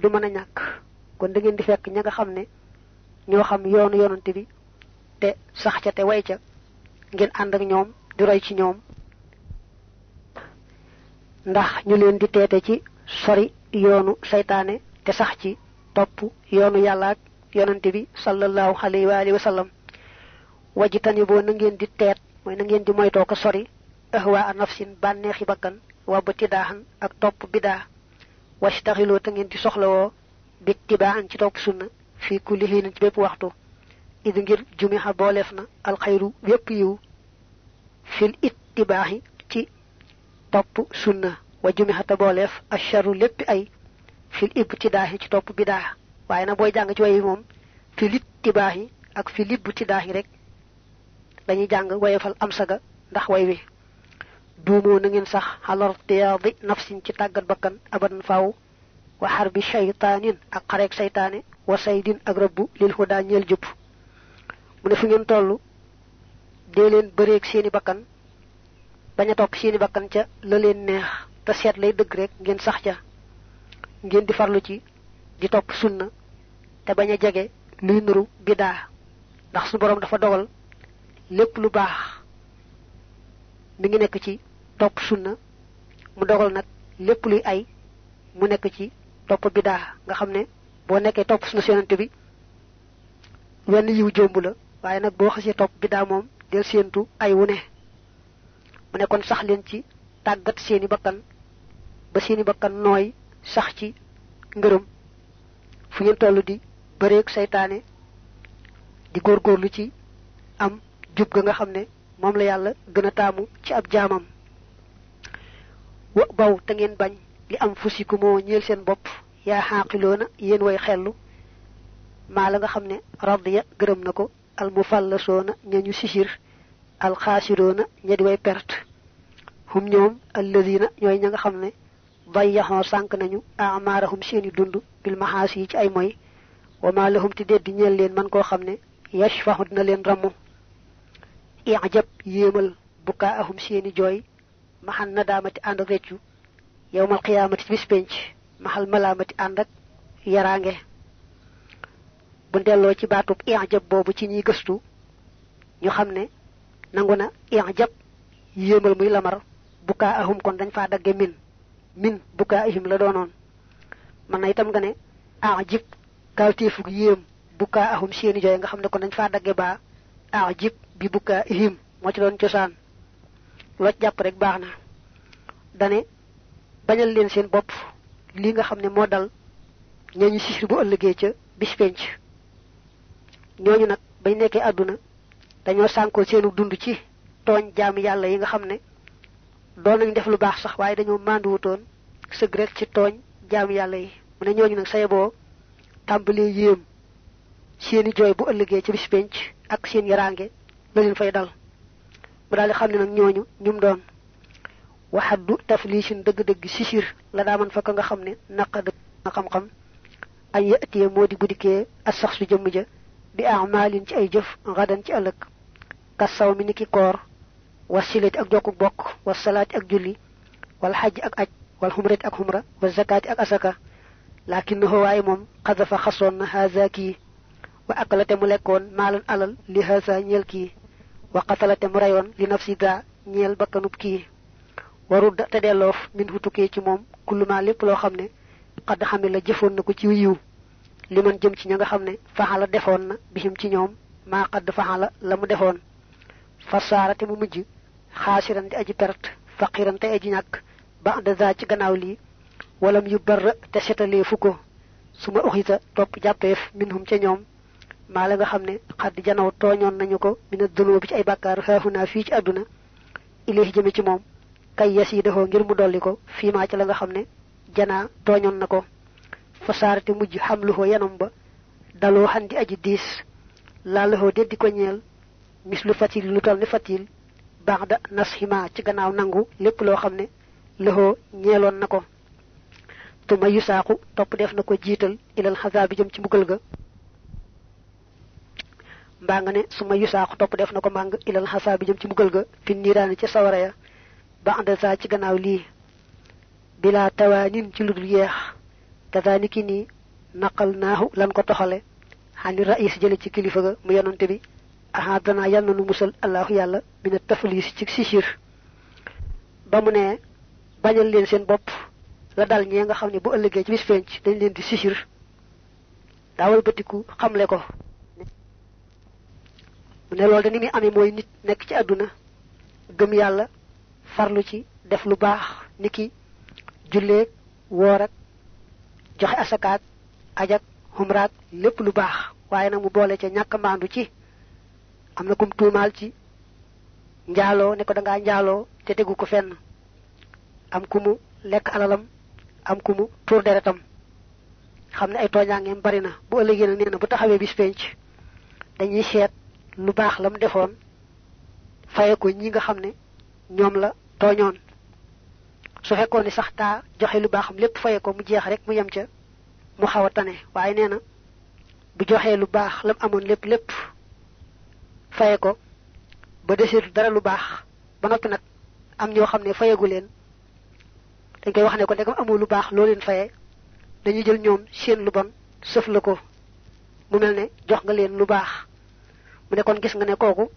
du mën a ñàkk kon da ngeen di fekk ña nga xam ne ñoo xam yoonu yonante bi te sax ca te way ca ngeen ànd ak ñoom di roy ci ñoom ndax ñu leen di teete ci sori yoonu seytaane te sax ci topp yoonu yàlla ak yonante bi sallallahu alayhi wa alihi wa sallam tani boo na ngeen di teet mooy na ngeen di moytoo ko sori ahwa a nafsin bànneexi bakkan wa ba tidaaxan ak topp bidaa wastaxiloo te ngeen di soxlawoo bi tibaaxan ci topp sunna fii kulli xiinin ci bépp waxtu idi ngir jumixa booleef na alxayru yépp yiw fil ittibaaxi topp sunna wa jumihata booleef asharu lépp ay fil ibtidaahi ci topp bidaa waaye nag booy jàng ci wayi moom fi littibaahi ak fi libtidaahi rek dañuy jàng wayefal am saga ndax way wi duumoo na ngeen sax xalartiyaadi nafsin ci tàggat bakkan abadan faaw wa xarbi shaytaanin ak xareeg saytaane wa saydin ak rëbbu lil hudaa ñeel jub mu ne fu ngeen tollu dee leen bëreeg seeni bakkan bañ a topp seeni bakkan ca la leen neex te seet lay dëgg rek ngeen sax ca ngeen di farlu ci di topp sunna te bañ a jege luy nuru bidaa ndax su boroom dafa dogal lépp lu baax mi ngi nekk ci topp sunna mu dogal nag lépp luy ay mu nekk ci topp bidaa nga xam ne boo nekkee topp sunna séenante bi wenn yiw jomb la waaye nag boo xasee topp bidaa moom del séentu ay wu ne mu ne kon sax leen ci tàggat seeni bakkan ba seeni bakkan nooy sax ci ngërëm fu ngeen toll di bëreeg seytaane di góorgóorlu ci am jub ga nga xam ne moom la yàlla gën a taamu ci ab jaamam wa baw te ngeen bañ li am fusiku moo ñeel seen bopp yaa xaaqiloona yéen way xellu maa la nga xam ne radd ya gërëm na ko almufallasoona ñañu sisir alxaasiroona ña di way perte hum ñoom alladina ñooy ña nga xam ne bayyaxoo sànq nañu amaarahum seeni dund bil maxaasi yi ci ay moy wama lahum ti deddi ñeel leen man koo xam ne yashfahu dina leen ramm ijab yéemal bukaahum seeni jooy maxal nadaamati ànd ak reccu yowmal xiyaamati ci bis penc maxal malaamati ànd ak yaraange bu delloo ci baatub ijab boobu ci ñiy gëstu ñu xam ne nangu na i'jab yéemal muy lamar bukkaa ahum kon dañ fa dagge min min bukkaa ihim la doonoon mën na itam nga ne ajib kawtéefug yéem bukkaa ahum seeni jooy nga xam ne kon dañ faa dagge baa ajib bi bukkaa moo ci doon cosaan loo jàpp rek baax na dane bañal leen seen bopp li nga xam ne moo dal ñooñu sisir bu ëllëgee ca bis penc ñooñu nag bañ nekkee àdduna dañoo sànkoo seenu dund ci tooñ jaam yàlla yi nga xam ne doon nañ def lu baax sax waaye dañoo mànduwutoon sëg ci tooñ jaam yàlla yi mu ne ñooñu nag sayeboo tàmbalee yéem seeni jooy bu ëllëgee ci bis penc ak seen yaraange la leen fay dal mu daal xam ne nag ñooñu ñum doon waxaddu taflisin dëgg-dëgg sisir la daa mën fakk nga xam ne naq dëgg na xam-xam ay yëtiyee moo di bu dikkee sax su jëmm ja bi amalin ci ay jëf ngadan ci ëllëg kasaw mi ni ki koor wa silati ak jokku bokk wa salaati ak julli wal xajj ak aj wal xumrati ak xumra wa zakaati ak asaka lakinnahu waaye moom xadafa xasoon na haza kii wa akalate mu lekkoon maalan alal li haza ñeel kii wa qatalate mu reyoon li nafsi daa ñeel bakkanub kii warudda te delloof min hutukee ci moom kulluma lépp loo xam ne xadd xamit la jëfoon na ko ci yiw li man jëm ci ña nga xam ne faxala defoon na bihim ci ñoom maa xadd la mu defoon fasaarate mu mujj xaasiran di aji perte faqiran tey aji ñàkk ba da ci gannaaw lii walam yu barra te setalee fu ko su ma uxita topp jàppeef minhum ca ñoom maa la nga xam ne xaddi janaw tooñoon nañu ko mina dunoo bi ci ay bàkkaar naa fii ci àdduna ileexi jëme ci moom kay yas yi defoo ngir mu dolli ko fii maa ci la nga xam ne janaa tooñoon na ko fasaarate mujj xam luxoo yanam ba daloo xan di aji diis laa loxoo deddi ko ñeel lu fatil lu toll ni fatil baax da nasxima ci gannaaw nangu lépp loo xam ne loxo ñeeloon na ko tuma yu saaku topp def na ko jiital ilal xasaa bi jëm ci mbugal ga mbaa ne suma yu saaku topp def na ko màng ilal xasaa bi jëm ci mbugal ga fi niiraani ca sawara ya ba àndal saa ci gannaaw lii bilaa tawaanin ci lu dul yeex kazaalika nii naqal naaxu lan ko toxale xani raïs jële ci kilifa ga mu yonante bi ahadana yal na lu musal allahu yàlla mina tafliis ci sisir ba mu ne bañal leen seen bopp la dal ñee nga xam ne bu ëllëgee ci bis fenc dañ leen di sisir daawal bëtiku xamle ko mu ne loolu de ni muy amee mooy nit nekk ci àdduna gëm yàlla farlu ci def lu baax ni ki julleeg woor ak joxe asakaat ajak xumraat lépp lu baax waaye nag mu boole ca ñàkk maandu ci am na kum tuumaal ci njaaloo ne ko danga njaaloo te tegu ko fenn am ku mu lekk alalam am ku mu tuur deretam xam ne ay ngeen bari na bu ëllëgee nag nee na bu taxawee bis dañuy seet lu baax la mu defoon faye ko ñi nga xam ne ñoom la tooñoon su fekkoon ni sax taa joxe lu baaxam lépp faye ko mu jeex rek mu yem ca mu xaw a tane waaye nee na bu joxe lu baax lam amoon lépp lépp faye ko ba deseetu dara lu baax ba noppi nag am ñoo xam ne fayagu leen dañ koy wax ne ko ndegam amul lu baax loo leen faye dañuy jël ñoom seen lu bon sëf la ko mu mel ne jox nga leen lu baax mu ne kon gis nga ne kooku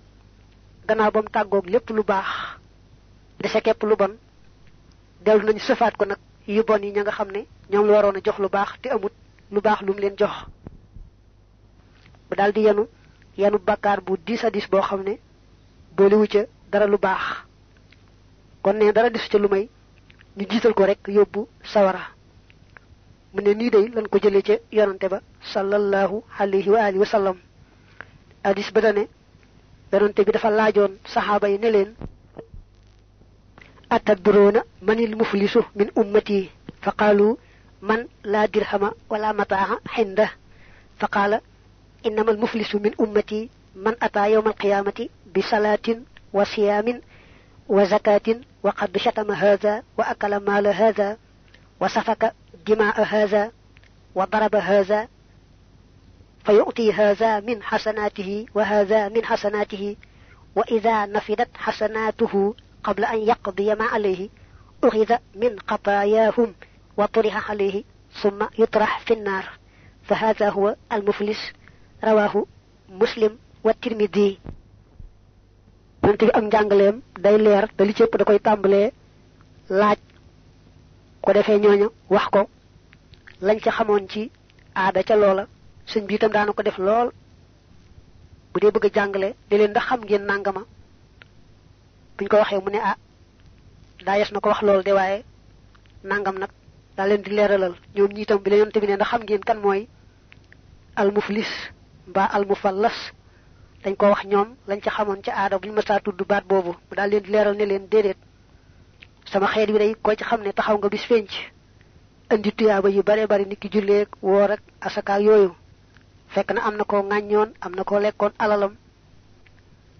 gannaaw ba mu tàggook lépp lu baax dese képp lu bon dellu nañu sëfaat ko nag yu bon yi ña nga xam ne ñoom la waroon a jox lu baax te amut lu baax lu mu leen jox bu daal yenu yanu bakkaar bu diis a boo xam ne booliwu ca dara lu baax kon ne dara disu ca lu may ñu jiital ko rek yóbbu sawara mu ne nii day lan ko jëlee ca yonante ba sallallahu alayhi wa alihi wa sallam addis yonante bi dafa laajoon saxaaba yi ne leen atadroona manil muflisu min ummati fa man laa dirhama wala mataaxa xinda fa innamal muflisu min ummati man ataa yawmal qiyaamati bi salaatin wa siyaamin wa zakaatin wa qad shatama haada wa akala maala haada wa safaka dimaa haada wa daraba haada fa yu'ti haada min xasanaatihi wa haada min xasanaatihi wa ida nafidat xasanaatuhu qabla an yaqdiya ma alayhi uxida min qataayaahum wa turiha alayhi summa yutrax fi nnaar fa haada huwa al muflis rawaahu muslim wa tirmidi yonent bi am njàngaleem day leer te li ci ëpp da koy tàmbalee laaj ko defee ñooñu wax ko lañ ca xamoon ci aada ca loola sëñ bii itam daana ko def lool bu dee bëgg jàngale di leen ndax xam ngeen nàngama buñ ko waxee mu ne ah daa yes na ko wax lool de waaye nàngam nag daa leen di leeralal ñoom ñi itam bi la yonent ne ndax xam ngeen kan mooy almuflis mbaa almufallas dañ ko wax ñoom lañ ci xamoon ca aada bu ñu mësaa tudd baat boobu mu daal leen leeral ne leen déedéet sama xeet bi day koo ci xam ne taxaw nga bis fenc indi tuyaaba yu bare bari nit ki julleeg woor ak asakaak yooyu fekk na am na ko ŋàññoon am na koo lekkoon alalam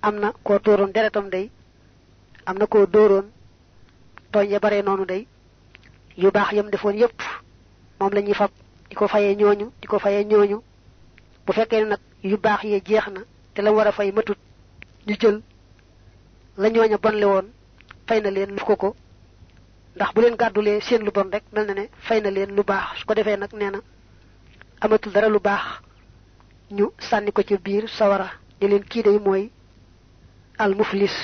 am na koo tóoroon deretam day am na ko dóoroon tooñ ya bare noonu day yu baax yam defoon yépp moom lañuy ñuy fab di ko fayee ñooñu di ko fayee ñooñu bu fekkee nag yu baax yee jeex na te la war a fay matut ñu jël la ñooña bonle woon fay na leen lu ko ko ndax bu leen gàddulee seen lu bon rek mel na ne fay na leen lu baax su ko defee nag nee na amatul dara lu baax ñu sànni ko ci biir sawara di leen kii day mooy al muflis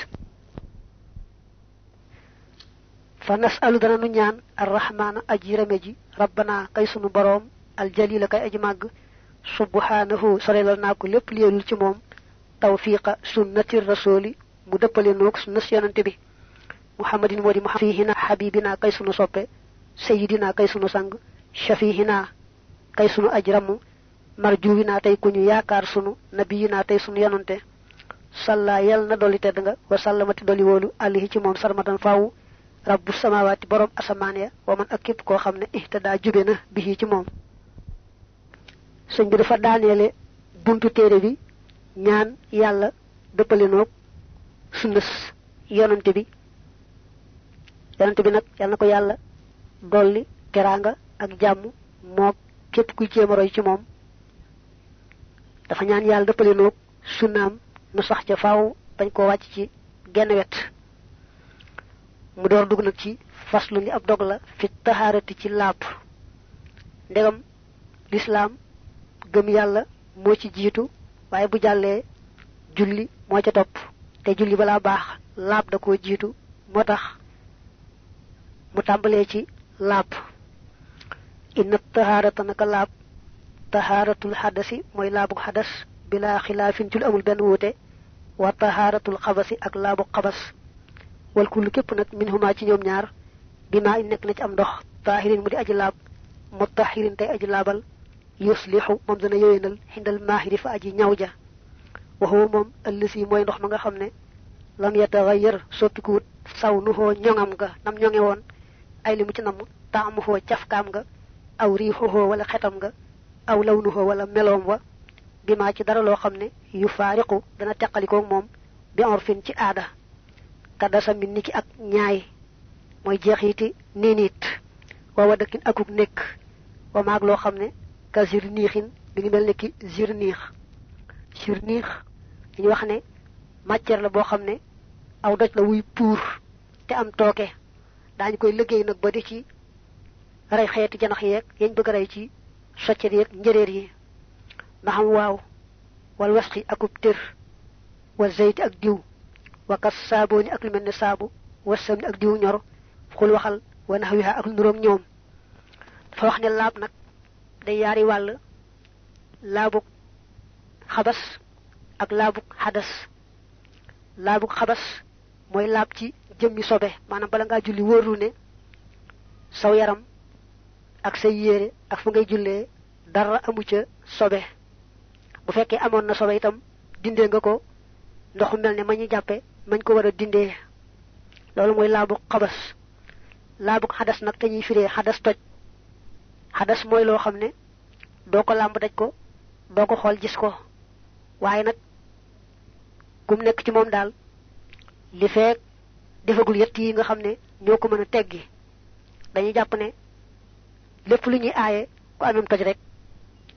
fa nasalu dana nu ñaan arrahmaana aji rame ji rabbana kay sunu boroom aljalila kay aji màgg subhanahu sorelal naa ko lépp léelul ci moom tawfiqa sunnati rasuli mu dëppale noog sunna si yonante bi muhammadin moo di muhammad fiihina habibina kay sunu soppe sayidina kay sunu sang shafihina kay sunu ajramu naa tey ku ñu yaakaar sunu naa tey sunu yonante salla yal na dolli tedd nga wa sallamati dolli wóolu alihi ci moom sarmatan faaw rabbu samawaati borom asamaan ya wa man ak képp koo xam ne ihtadaa jube na bihi ci moom sëñ bi dafa daaneele buntu téere bi ñaan yàlla dëppale noog sunnas yonante bi yonante bi nag yal ko yàlla dolli teraanga ak jàmm moo képp kuy jéem a ci moom dafa ñaan yàlla dëppale noog sunnaam nu sax ca faw bañ koo wàcc ci genn wet mu door dugg nag ci faslu ni ab dog la fi taxaarati ci laab ndegam lislaam gëm yàlla moo ci jiitu waaye bu jàllee julli moo ca topp te julli balaa baax laab da ko jiitu moo tax mu tàmbalee ci laab inna tahaarata naka laab tahaaratul xadasi mooy laabu xadas bilaa xilaafin jul amul benn wuute wa tahaaratul xabasi ak laabu xabas wal képp nag min huma ci ñoom ñaar bi in nekk na ci am ndox taahirin mu di aji laab mutahirin tey aji laabal yuslixu moom dana yowénal xindal maahiri fa aji ñaw ja waxuwa moom ëllësi mooy ndox ma nga xam ne lam yataxayar soppikuwut saw nu xoo ñoŋam nga nam ñoŋe woon ay li mu ci nam taamu xoo cafkaam nga aw riixu xoo wala xetam nga aw law nu xoo wala meloom wa bi maa ci dara loo xam ne yu faariqu dana teqalikoog moom bi orfin ci aada kadasa mi niki ak ñaay mooy jeexiti niinit waawa dëkkin akuk nekk wa maag loo xam ne ka zirniixin mi ngi mel ne ki zirniix zirniix dañuy wax ne matière la boo xam ne aw doj la wuy puur am tooke daañu koy liggéey nag ba di ci rey xeeti janax yeeg yañ bëgg rey ci soccet njëréer yi na xam waaw wal wasxi akub tër wa zeyti ak diw wakas saabooni ak lu mel ne saabu wasam ni ak diw ñor xul waxal wa nax wiha ak lu ñoom dafa wax ne laab nag day yaari wàll laabug xabas ak laabug xadas laabug xabas mooy laab ci jëmmi sobe maanaam bala ngaa julli wóorlu ne saw yaram ak say yére ak fu ngay jullee dara amu ca sobe bu fekkee amoon na sobe itam dindee nga ko ndox mu mel ne ma ñu jàppe mañ ko war a dindee loolu mooy laabug xabas laabug xadas nag te ñuy firee xadas toj xadas mooy loo xam ne doo ko làmb daj ko doo ko xool gis ko waaye nag kum nekk ci moom daal li feek defagul yett yi nga xam ne ñoo ko mën a teg teggi dañuy jàpp ne lépp lu ñuy aaye ku amem toj rek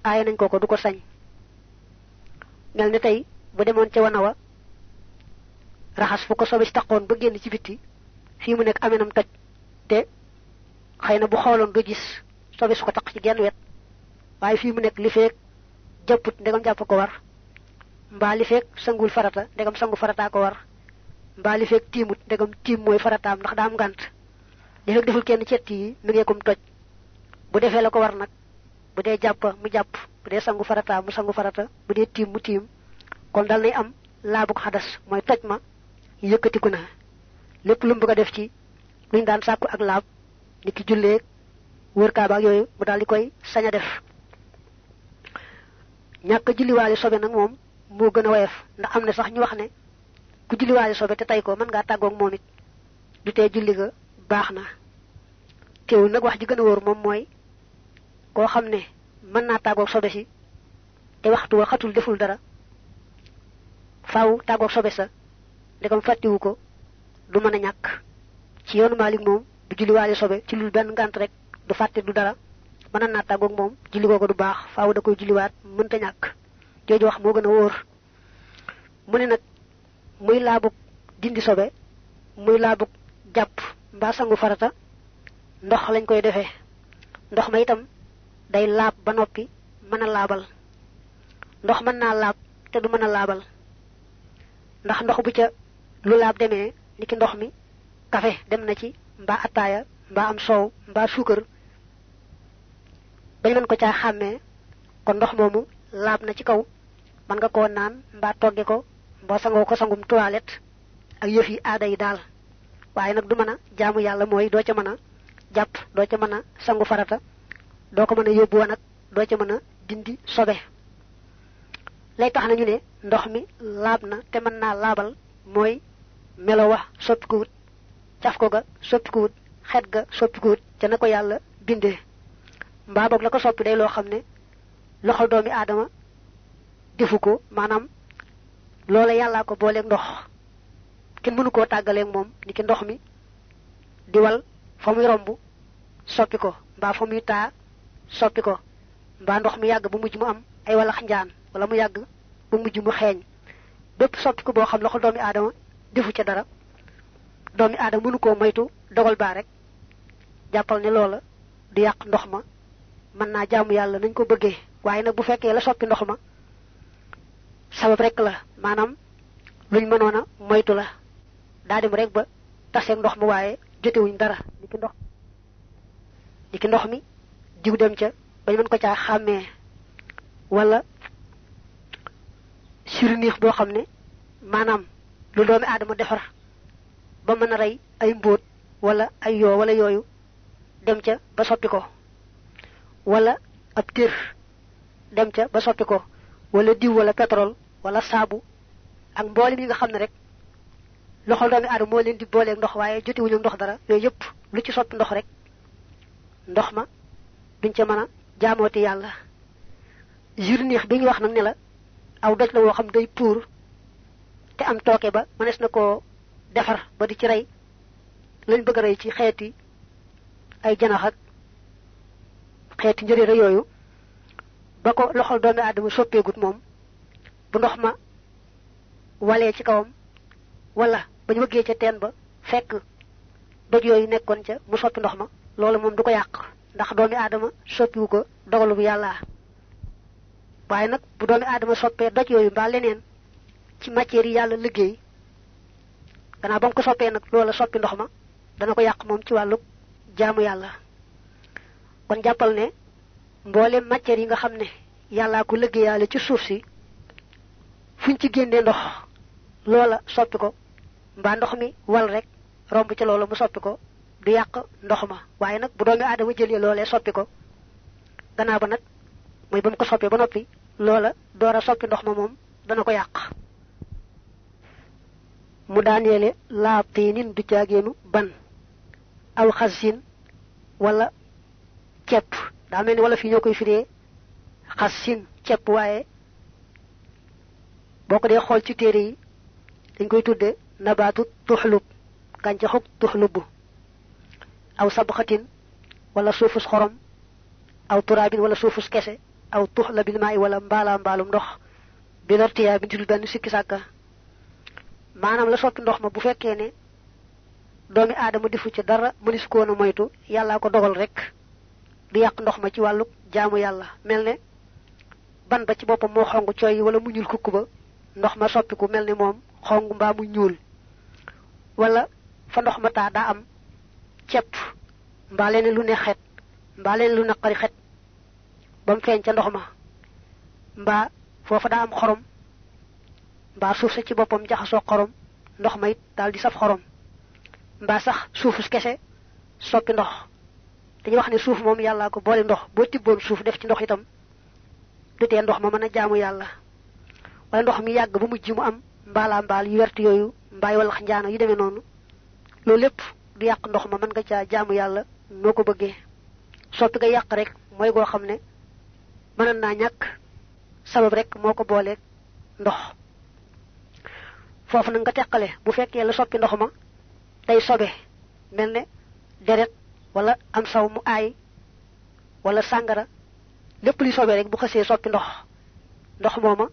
aaye nañ ko ko du ko sañ mel ne tey bu demoon ca wana wa raxas fu ko sobe si taqoon ba génn ci bitti fii mu nekk amenam toj te xëy na bu xooloon ga gis soobee su ko taq ci genn wet waaye fii mu nekk li feek jàpput ndegam jàpp ko war mbaa li feek sangul farata ndegam sangu farataa ko war mbaa li feek tiimut ndegam tiim mooy farataam ndax daam am ngànt li feek deful kenn cet yi mu ngeekum toj bu defee la ko war nag bu dee jàpp mu jàpp bu dee sangu farataa mu sangu farata bu dee tiim mu tiim kon dal nay am laabug xadas mooy toj ma yëkkatiku na lépp lu mu bëgg a def ci luñ daan sàkku ak laab wër kaaba ak yooyu mu daal koy sañ a def ñàkk julliwaale sobe nag moom moo gën a woyof ndax am na sax ñu wax ne ku julliwaale sobe te tey ko mën ngaa tàggoog moom it du tee julli ga baax na teewul nag wax ji gën a wóor moom mooy koo xam ne mën naa tàggoog sobe si te waxtu waxatul deful dara faw tàggoog sobe sa ndegam fàttiwu ko du mën a ñàkk ci yoonu Maalik moom du julliwaale sobe ci lul benn ngànt rek du fàtte du dara mën naa tàggoog moom julli ko du baax faaw da koy julliwaat mënta ñàkk jooju wax moo gën a wóor mu ne nag muy laabug dindi sobe muy laabug jàpp mbaa sangu farata ndox lañ koy defee ndox ma itam day laab ba noppi mën a laabal ndox mën naa laab te du mën a laabal ndax ndox bu ca lu laab demee niki ndox mi kafe dem na ci mbaa attaaya mbaa am soow mbaa suukar bay mën ko caa xàmmee kon ndox moomu laab na ci kaw mën nga koo naan mbaa togge ko mbaa sangoo ko sangum toilette ak yëf yi aada yi daal waaye nag du mën a jaamu yàlla mooy doo ca mën a jàpp doo ca mën a sangu farata doo ko mën a yóbbuwa nag doo ca mën a dindi sobe lay tax nañu ne ndox mi laab na te mën naa laabal mooy melowa wax soppikuwut caf ko ga soppikuwut xet ga soppikuwut ca na ko yàlla bindee mbaa boog la ko soppi day loo xam ne loxo doomi aadama defu ko maanaam loola yàllaa ko booleeg ndox kenn mënu koo tàggaleeg moom ni ki ndox mi di wal fa muy romb soppi ko mbaa fa muy taa soppi ko mbaa ndox mi yàgg ba mujj mu am ay walax njaan wala mu yàgg ba mujj mu xeeñ bépp soppi ko boo xam loxo doomi aadama defu ca dara doomi aadama mënu koo moytu dogal baa rek jàppal ne loola du yàq ndox ma mën naa jaamu yàlla nañ ko bëggee waaye nag bu fekkee la soppi ndox ma sabab rek la maanaam luñ mënoon a moytu la daa dem rek ba taseeg ndox ma waaye jotewuñ dara ni ki ndox mi diw dem ca bañ mën ko caa xàmmee wala surniix boo xam ne maanaam lu doomi aadama defar ba mën a rey ay mbóot wala ay yoo wala yooyu dem ca ba soppi ko wala ab téef dem ca ba sotti ko wala diw wala pétrole wala saabu ak mboolem yi nga xam ne rek loxol doomi aadama moo leen di booleeg ndox waaye jotewuñu ndox dara yooyu yëpp lu ci sotti ndox rek ndox ma duñ ca mën a jaamooti yàlla jurniix bi ñu wax nag ne la aw doj la woo xam day puur te am tooke ba mënees na ko defar ba di ci rey lañ bëgg a rey ci xeeti ay janax ak xeeti njëriñ yooyu ba ko loxol doomi aadama soppeegut moom bu ndox ma walee ci kawam wala ba ñu wëggee ca teen ba fekk doj yooyu nekkoon ca mu soppi ndox ma loolu moom du ko yàq ndax doomi aadama soppiwu ko dogalu bu yàlla waaye nag bu doomi aadama soppee doj yooyu mbaa leneen ci matière yi yàlla liggéey gannaaw ba mu ko soppee nag loola soppi ndox ma dana ko yàq moom ci wàllu jaamu yàlla kon jàppal ne mboolem matière yi nga xam ne yàllaa ko liggéeyaale ci suuf si fuñ ci génnee ndox loola soppi ko mbaa ndox mi wal rek romb ci loola mu soppi ko du yàq ndox ma waaye nag bu doomi aadama jëlee loole soppi ko gannaaw ba nag mooy ba mu ko soppee ba noppi loola door a soppi ndox ma moom dana ko yàq mu daaneele laa tiinin du caageenu ban aw xasin wala cepp daa mel ni wala fi ñoo koy firee xas sin cepp waaye boo ko dee xool ci téere yi dañ koy tudde nabaatu tuxlub gàncaxug tuxlubu aw sabxatin wala suufus xorom aw turaabin wala suufus kese aw tuxlabin maay wala mbaala mbaalum ndox bi lortiyaa bi ñu tudul benn sikki sàkka maanaam la soppi ndox ma bu fekkee ne doomi aadama defu ci dara mënis koon a moytu yàllaa ko dogal rek du yàq ndox ma ci wàllu jaamu yàlla mel ne ban ba ci boppam moo xong cooy wala mu ñuul kukk ba ndox ma soppiku mel ne moom xong mbaa mu ñuul wala fa ndox ma taa daa am cepp mbaa leen lu ne xet mbaa leen lu naqari xet ba mu feeñ ca ndox ma mbaa foofa daa am xorom mbaa suuf sa ci boppam jaxasoo xorom ndox ma it daal di saf xorom mbaa sax suufus kese soppi ndox dañuy wax ne suuf moom yàllaa ko boole ndox boo tibboon suuf def ci ndox itam du tee ndox ma mën a jaamu yàlla wala ndox mi yàgg ba mujj mu am mbaalaa mbaal yu wert yooyu mbaay walax njaana yu demee noonu loolu lépp du yàq ndox ma mën nga caa jaamu yàlla noo ko bëggee soppi nga yàq rek mooy goo xam ne mënoon naa ñàkk sabab rekk moo ko booleeg ndox foofu nag nga teqale bu fekkee la soppi ndox ma day sobe mel ne deret wala am saw mu aay wala sàngara lépp li soobe rek bu xasee soppi ndox ndox mooma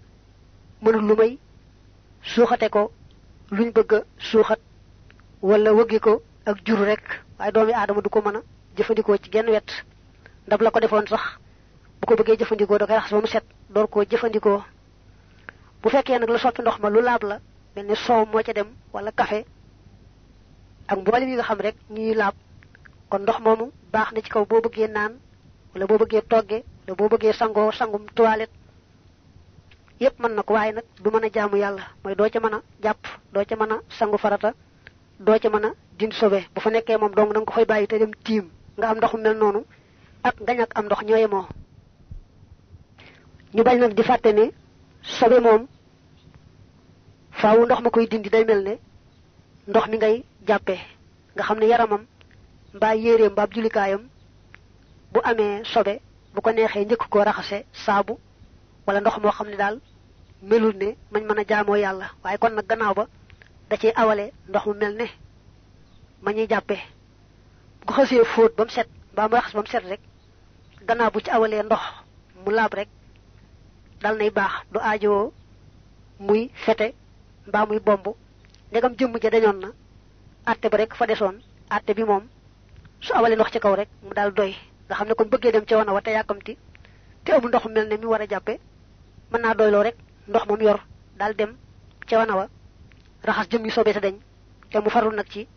mënul lu may suuxate ko luñ bëgg a suuxat wala wëggi ko ak jur rek waaye doomi aadama du ko mën a jëfandikoo ci genn wet ndab la ko defoon sax bu ko bëggee jëfandikoo da koy raxas ba mu set door koo jëfandikoo bu fekkee nag la soppi ndox ma lu laab la mel ne soow moo ca dem wala kafe ak mboolem yi nga xam rek ñuy laab kon ndox moomu baax na ci kaw boo bëggee naan wala boo bëggee togge wala boo bëggee sangoo sangum toilette yépp mën na ko waaye nag du mën a jaamu yàlla mooy doo ca mën a jàpp doo ca mën a sangu farata doo ci mën a din sobe bu fa nekkee moom dong da nga ko fay bàyyi te dem tiim nga am ndoxu mel noonu ak ngañ ak am ndox ñooy moo ñu bañ nag di fàtte ne sobe moom faawu ndox ma koy dindi day mel ne ndox mi ngay jàppee nga xam ne yaramam mbaa yéeréem mbaab julikaayam bu amee sobe bu ko neexee njëkk ko raxase saabu wala ndox moo xam ne daal melul ne mañ mën a jaamoo yàlla waaye kon nag gannaaw ba da ciy awale ndox mu mel ne ma ñuy jàppee bu ko xasee fóot ba mu set mbaa mu raxas ba mu set rek gannaaw bu ci awalee ndox mu laab rek dal nay baax du aajoo muy fete mbaa muy bomb ndegam jëmm ja dañoon na arte ba rek fa desoon àtte bi moom su awalee ndox ci kaw rek mu daal doy nga xam ne kon bëggee dem ca wana wa te yàkkamti te amul ndox mel ne mi war a jàppe mën naa doyloo rek ndox moom yor daal dem ca wana wa raxas jëm yu soobee sa dañ te mu farul nag ci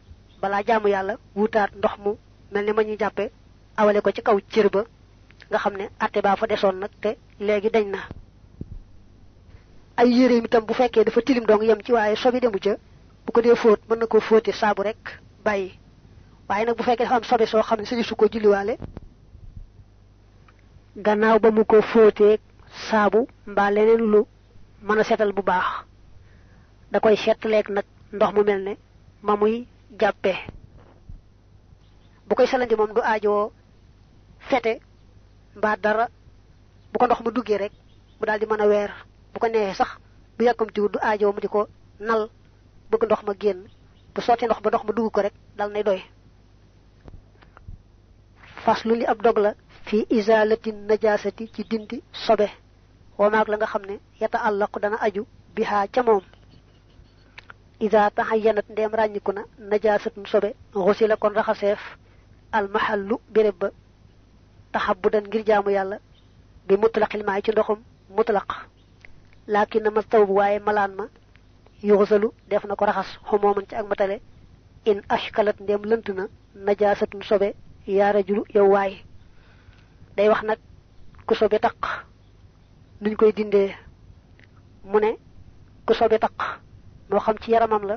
balaa jaamu yàlla wutaat ndox mu mel ne ma ñuy jàppe awale ko ci kaw cër ba nga xam ne atte baa fa desoon nag te léegi dañ na ay yéreem tam bu fekkee dafa tilim dong yem ci waaye sobi demu ca bu ko dee fóot mën na koo fóote saabu rek bàyyi waaye nag bu fekkee dafa am sobe soo xam ne sañu su ko julliwaale gannaaw ba mu ko fóotee saabu mbaa leneen lu mën a setal bu baax da koy seetleeg nag ndox mu mel ne ma muy jàppee bu koy salandi moom du aajoo fete mbaa dara bu ko ndox ma duggee rek mu daal di mën a weer bu ko neexee sax bu yàkkamtiwul du aajoo mu di ko nal bëgg ndox ma génn bu sottee ndox ba ndox ma dugg ko rek dal nay doy faslu li ab dog la fi isaalati najaasati ci dindi sobe wamaag la nga xam ne yata àllaqu dana aju bihaa ca moom ida taxayanat ndeem ràññiku na najaasatun sobe xusila kon raxaseef almahallu béréb ba taxabudan ngir jaamu yàlla bi mutlaqil maay ci ndoxum mutlaq laakin na ma taw bu waaye malaan ma yuxusalu def na ko raxas xumooman ci ak matale in ashkalat ndeem lënt na najaasatun sobe yaa rajulu yow waay day wax nag ku sobe taq nuñ koy dindee mu ne ku sobe taq moo xam ci yaramam la